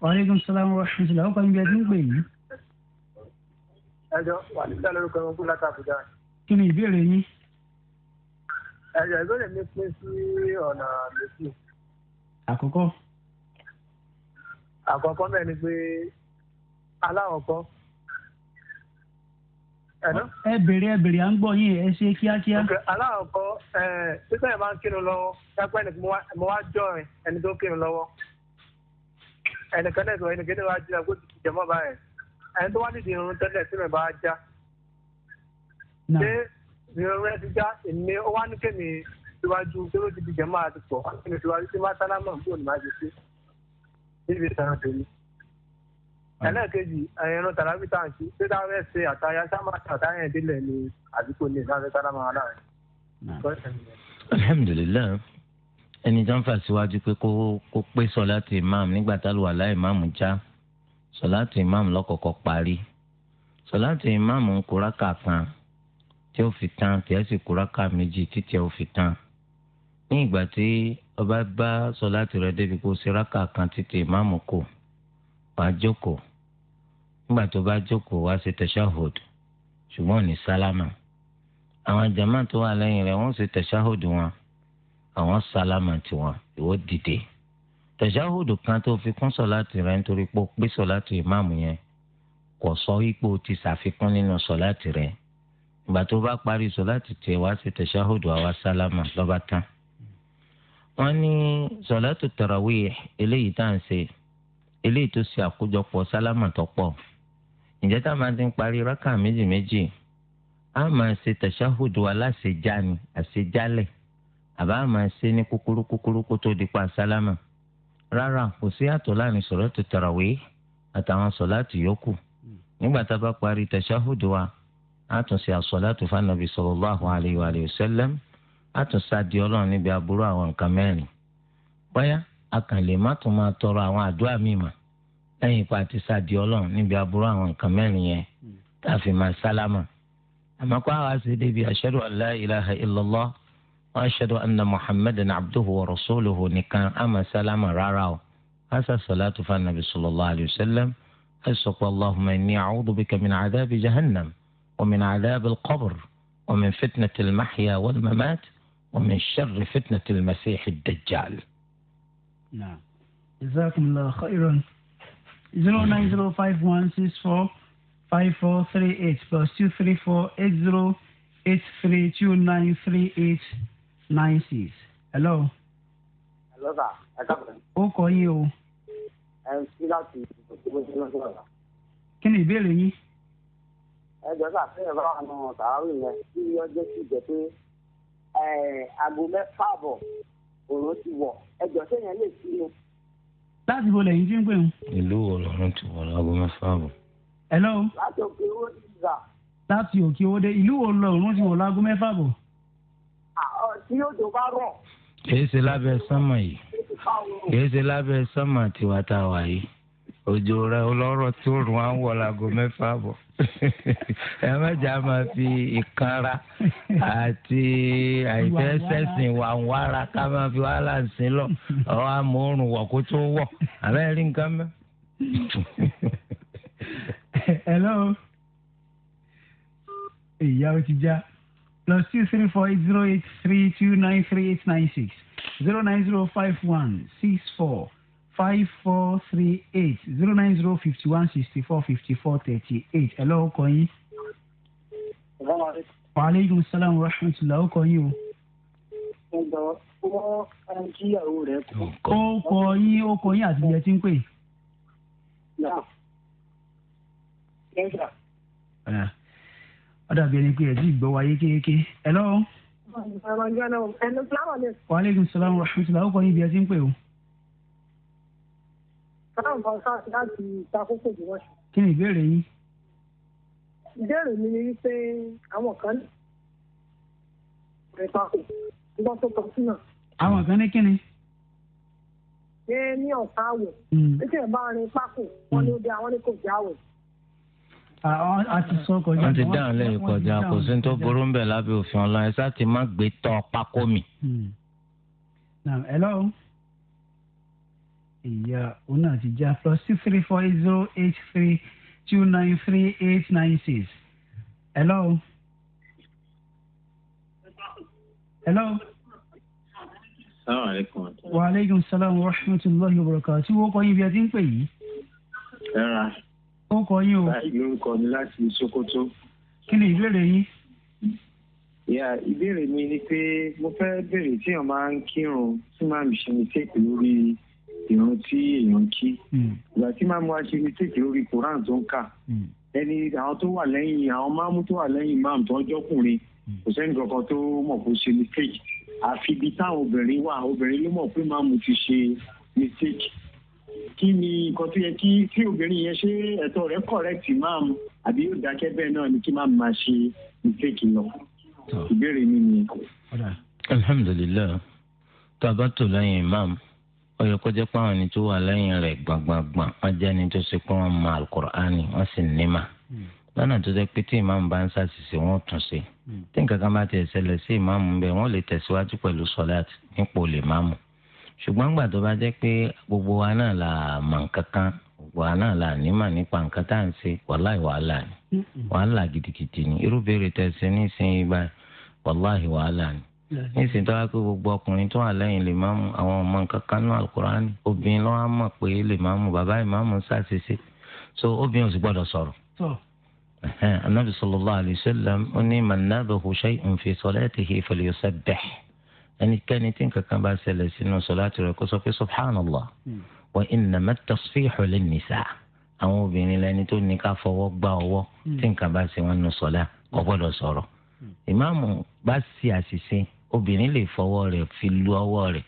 waaleykum salaam wa rahmatulah ọkọ mi bí ẹ ti ń pè yìí. ẹjọ wà ní sálẹ orúkọ ẹwọn kú láti àbújá. kí ni ìbéèrè yín. ẹjọ ìbéèrè mi pín sí ọ̀nà méjì. àkọ́kọ́. àkọ́kọ́ mẹ́rin ni pé aláwọ̀kọ́. ẹ bèrè ẹ bèrè à ń gbọ́ yín ẹ ṣe kíákíá. aláwọ̀kọ́ ẹ sísè máa ń kírun lọ́wọ́ ẹgbẹ́ ni mo wá jọ ẹni tó kírun lọ́wọ́ ẹnìkan náà sọ ẹnìkan náà wá jí àgbo ti jẹmọ́ báyẹn ẹni tó wá nídìí irun tẹ́lẹ̀ tí mi bá já ṣé irun rẹ ti já èmi ó wá ní kémi síwájú pé ó ti di jẹmọ́ àti pọ̀ kémi síwájú tí má sálámà bò ní má ṣe sí níbi ìtàn tèmi. ẹlẹ́ẹ̀kejì ẹran tàràbí tá à ń ṣé táwọn fẹ́ ṣe àtàyà sábà àtàyà ìdílé ni àdúgbò ní ìfáfẹ́ sálámà ẹni tó ń fà síwájú pé kó kó pé sọláàtì imam nígbà táwọn wà láì imam já sọláàtì imam lọ́kọ̀ọ̀kọ̀ parí sọláàtì imam ń kúrákà kan tí ó fi tán tí ó sì kúrákà méjì títí ó fi tán ní ìgbà tí ọba bá sọláàtì rẹ débi kó síráka kan títí imam kò wàá jókòó nígbà tó bá jókòó wàá ṣe tashahhud ṣùgbọ́n ní sálámà àwọn jàmáà tó wà lẹ́yìn rẹ̀ wọ́n ṣe tashahhud wọn àwọn sálámà tiwọn ìwọ dìde tẹ̀síáhùdù kan tó fi kún sọ̀láàtì rẹ̀ nítorí pé ó pé sọ̀láàtì ìmáàmù yẹn kò sọ ipò ti ṣàfikún nínú sọ̀láàtì rẹ̀ ìgbà tó bá parí sọ̀láàtì tiẹ̀ wá sí tẹ̀síáhùdù àwa sálámà lọ́ba tán. wọ́n ní sọ̀láàtì tarawih eléyìí tá à ń ṣe eléyìí tó ṣe àkójọpọ̀ sálámà tó pọ̀ ǹjẹ́ tá a máa ti ń parí rákà méjì méjì á máa ṣe tẹ̀síáhùdù aláṣẹjáni àṣẹjálẹ̀ àbá máa ṣe ní kúkúrú kúkúrú kó tó di pa sálámà rárá kò sí àtọ̀ láàrin sọ̀látù tarawih àtàwọn sọ̀látù yòókù nígbà tá a bá parí tàṣàhùdù wa àtúnṣe àsọ̀látù fanabi sallallahu alayhi wa sallam àtúnṣe àdì ọlọ́run níbi aburú àwọn nǹkan mẹ́rin bóyá a kàn lè má tún máa tọrọ àwọn àdúrà míì mà lẹ́yìn ipa àti sàdì ọlọ́run níbi aburú àwọn nǹkan mẹ́rin yẹn tá máa sálámà àmọ́ kó àwa ṣe débi ashhadu an la ilaha illallah وأشهد أن محمدا عبده ورسوله نكان أما سلام راراو هذا الصلاة فالنبي صلى الله عليه وسلم أسق اللهم إني أعوذ بك من عذاب جهنم ومن عذاب القبر ومن فتنة المحيا والممات ومن شر فتنة المسيح الدجال نعم جزاكم الله خيرا 0905164 5438 plus 234 80 832938 nine six. hello. hello sir ẹ káàbọ̀. ó kọ yín o. ẹ ń sí láti ìgbòho sí lọ́sọ̀rọ̀ ọ̀la. kí ni ìbéèrè yín. ẹ jọ sà fẹ́rẹ̀ bá wà nù tààrí yẹn kí ọjọ́ sì jẹ́ pé aago mẹ́fà bọ̀ òòrùn ti wọ̀ ẹ jọ sẹ́yìn lè sí o. láti bo lẹ́yìn tí ń pè ń. ìlú wo lọ́rùn ti wọ̀ láago mẹ́fà bọ̀. hello. láti òkè owó dé ìgbà. láti òkè owó dé ìlú wo lọ́rùn ti wọ̀ láago mẹ́fà bọ̀ tí òjò bá rọ̀. kìí ṣe lábẹ́ sánmà yìí kìí ṣe lábẹ́ sánmà tiwa tá a wà yìí òjò rẹ ọlọ́rọ̀ tó rùn á wọ̀ láago mẹ́fà bọ̀ (laughs) ẹ mẹ́jà máa fi ìkanra àti àìfẹ́ sẹ́sìn wà ń wára ká máa fi wàhálà ń sin lọ ọ̀ amóorùn wọ̀ kó tó wọ̀ àbẹ́ rí nǹkan mẹ́. hello ìyá ó ti já plus two three four eight zero eight three two nine three eight nine six zero nine zero five one six four five four three eight zero nine zero fifty one sixty four fifty four thirty eight ẹ lọ́wọ́ kọ́ yín. waaleykum salaam wa rahmatulah ó kọ́ yín o. ó O yín ó kọ́ yín àti ìyẹn tí ń pè. Yeah ó dàbí ẹni pé ẹ̀dí ìgbọ́ wa yékéyéké ẹ lọ́wọ́. wa aleykum salaam wa rahmatulah ó kọ́ yín bí ẹ ti ń pè o. kí ni ìbéèrè yín. ìbéèrè mi ni wípé àwọn kan rẹ̀ papò ìgbọ́ tó kọ sínú. àwọn kan ní kíni ní ní ọ̀sán àwẹ̀ nítorí hmm. bá rin pákó wọn ni ó di àwọn ní kò jáwẹ̀ a ti sọ kọjá. wọ́n ti dáhùn lẹ́yìn kọjá kò sí ní tó burú ń bẹ̀ lábẹ́ òfin ọlọ́run ẹ sáà ti má gbé tán pákó mi. Hmm. hello ìyá òun náà ti já plus two three four eight zero eight three two nine three eight nine six. hello. hello. salaamaleykum. wa aleykum salaam wa rahmatulahi wa barakatuh. tí wọ́n kọ́ yín bí a ti ń pè yìí. ẹ ra ó kọ yín o. báyìí lórúkọ mi láti Sokoto. kí ni ìbéèrè yín. ìyá ìbéèrè mi ni pé mo fẹ́ béèrè tí èèyàn máa ń kírun tí màá mi ṣe mistake lórí ìrun tí èèyàn kí. Hmm. ìgbà tí màá mu aṣe mistake lórí Quran tó ń kà. Hmm. ẹni àwọn tó wà lẹ́yìn àwọn máàmù tó wà lẹ́yìn máàmù tó ọjọ́kùnrin hmm. kò sẹ́ni kankan tó mọ̀ kó ṣe mistake àfi ibi táwọn obìnrin wà obìnrin ló mọ̀ pé máàmù ti ṣe mistake kí ni nǹkan tó yẹ kí tí obìnrin yẹn ṣe ẹ̀tọ́ rẹ̀ correct máa mu àbí yóò dákẹ́ bẹ́ẹ̀ náà ni kí máa máa ṣe mistake lọ ìbéèrè mi ni. alhamdulilayi tá a bá tò lẹ́yìn imam ó yẹ kó jẹ́ pé àwọn ẹni tó wà lẹ́yìn rẹ̀ gbàgbàgbà wọ́n jẹ́ ẹni tó ṣe pé wọ́n mọ alukur'ani wọ́n sì ní ma hmm. lọ́nà tó jẹ́ pé tí imam bá ń ṣàṣìṣe wọ́n tún ṣe hmm. tí nǹkan kan bá ti ṣẹlẹ̀ sí imam bẹ́ẹ̀ wọ́n lè tẹ̀síwájú pẹ̀lú sọ́láàtì nípò lè máa ṣùgbọ́n gbà tó bá jẹ́ pé gbogbo wa náà là mọ̀ nǹkan kan gbogbo wa náà là nímọ̀ nípa nǹkan tá à ń ṣe wàláì wàhálà ni wàhálà gidigidi ni irú béèrè tẹ̀sí nísìnyí báyìí wàláì wàhálà ni nísìnyí tó wá pé gbogbo ọkùnrin tó wà lẹ́yìn lè máàmù àwọn ọmọ nǹkan kan náà alukurani obìnrin lọ́wọ́ mọ̀ pé lè máàmù bàbá ìmáàmù ṣàṣìṣe so obìnrin ò sì gbọ́dọ̀ sọ̀rọ̀ anabi sallallahu alayhi wa sallam ní man nabahu shay'un fi ẹnikẹ́ni tí nǹkan kan bá ṣẹlẹ̀ sínú sọ̀láàtì rẹ̀ kó sọ pé subhanallah hmm. wa innama tasfihu lin-nisa àwọn obìnrin lẹni tó ní ká fọwọ́ gbá ọwọ́ hmm. tí nǹkan bá ṣe wọn nù sọ̀lá kò hmm. gbọ́dọ̀ sọ̀rọ̀ ìmáàmù bá ṣe àṣìṣe obìnrin lè fọwọ́ rẹ̀ fi lu ọwọ́ rẹ̀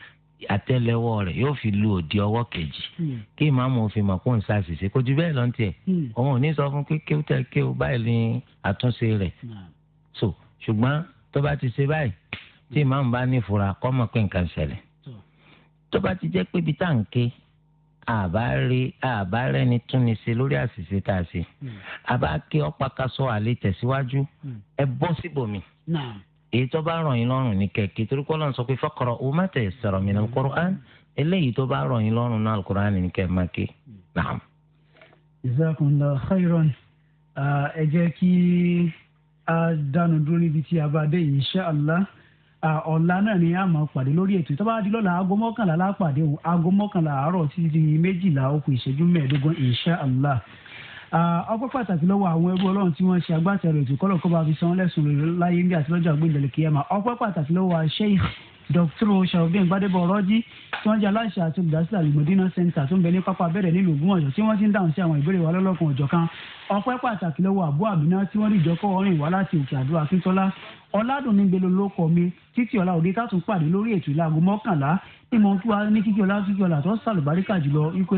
àtẹ́lẹwọ́ rẹ̀ yóò fi lu òdi ọwọ́ kejì kí ìmáàmù òfin mọ̀ kó ń ṣàṣìṣe kó ju bẹ́ẹ̀ lọ́n tiẹ̀ òun ò sọ fún kékeré tẹ kéwú báyìí ní àtúnṣe rẹ̀ so ṣùgbọ́n tó bá ti ṣe báyìí tí ìmáàmù bá ní ìfura kọ́ mọ̀ pé nǹkan ṣẹlẹ̀ tó bá ti jẹ́ pé ibi tá à ń ké àbá rẹni túnni ṣe lórí àṣìṣe tá a ṣe àbá hmm. ké ọ́pá àlè tẹ̀síwájú hmm. ẹ bọ́ síbòmí èyí tó bá ràn yín lọ́rùn ní kẹ̀kẹ́ torí kọ́ lọ́n sọ pé fọ́kọ̀rọ̀ o má tẹ̀ sọ̀rọ̀ mi náà kọ́rọ̀ án eléyìí tó bá ràn yín lọ́rùn náà kọ́rọ̀ án ní kẹ́ máa ké hmm. naam. jazakumullahu khairan ẹ jẹ́ kí a dánu dúró níbi tí a bá dé insha Allah ọ̀la náà ni a máa pàdé lórí ètò tó bá di lọ́la aago mọ́kànlá lápàdé o aago mọ́kànlá àárọ̀ títí di méjìlá ó kù ìṣẹ́jú mẹ́ẹ̀ẹ́dógún insha Allah ọpẹ́ pàtàkì lọ́wọ́ àwọn ẹrú ọlọ́run tí wọ́n ṣe agbátẹrù ètò kọ́lọ́kọ́ bá fi san lẹ́sùn láyé bí àti lọ́jọ́ àgbéǹdẹ̀lẹ̀ kìí ẹ̀ máa ọpẹ́ pàtàkì lọ́wọ́ Sheikh dr shaobin gbadebo ọrọjí tí wọ́n jẹ́ aláṣẹ àti olùdásílẹ̀ alimọdínà center tó ń bẹ ní pápá abẹ́rẹ́ nílùú ògbómọ̀ṣọ́ tí wọ́n ti ń dáhùn sí àwọn ìbéèrè wa lọlọkan ọjọ́kan ọpẹ́ pàtàkì lọ́wọ́ àbú àmínà tí wọ́n dìjọ kọ ọrìn wá láti òkè àdó akíntola ọládùnní gbèlò ló kọ mi títí ọlá òde tá tún pàdé lórí ètò ìlàgò mọ́kànlá ní mo kí wa ní kíkí ọlá kíkí ọlá tó sàlùbáríkà jùlọ ikú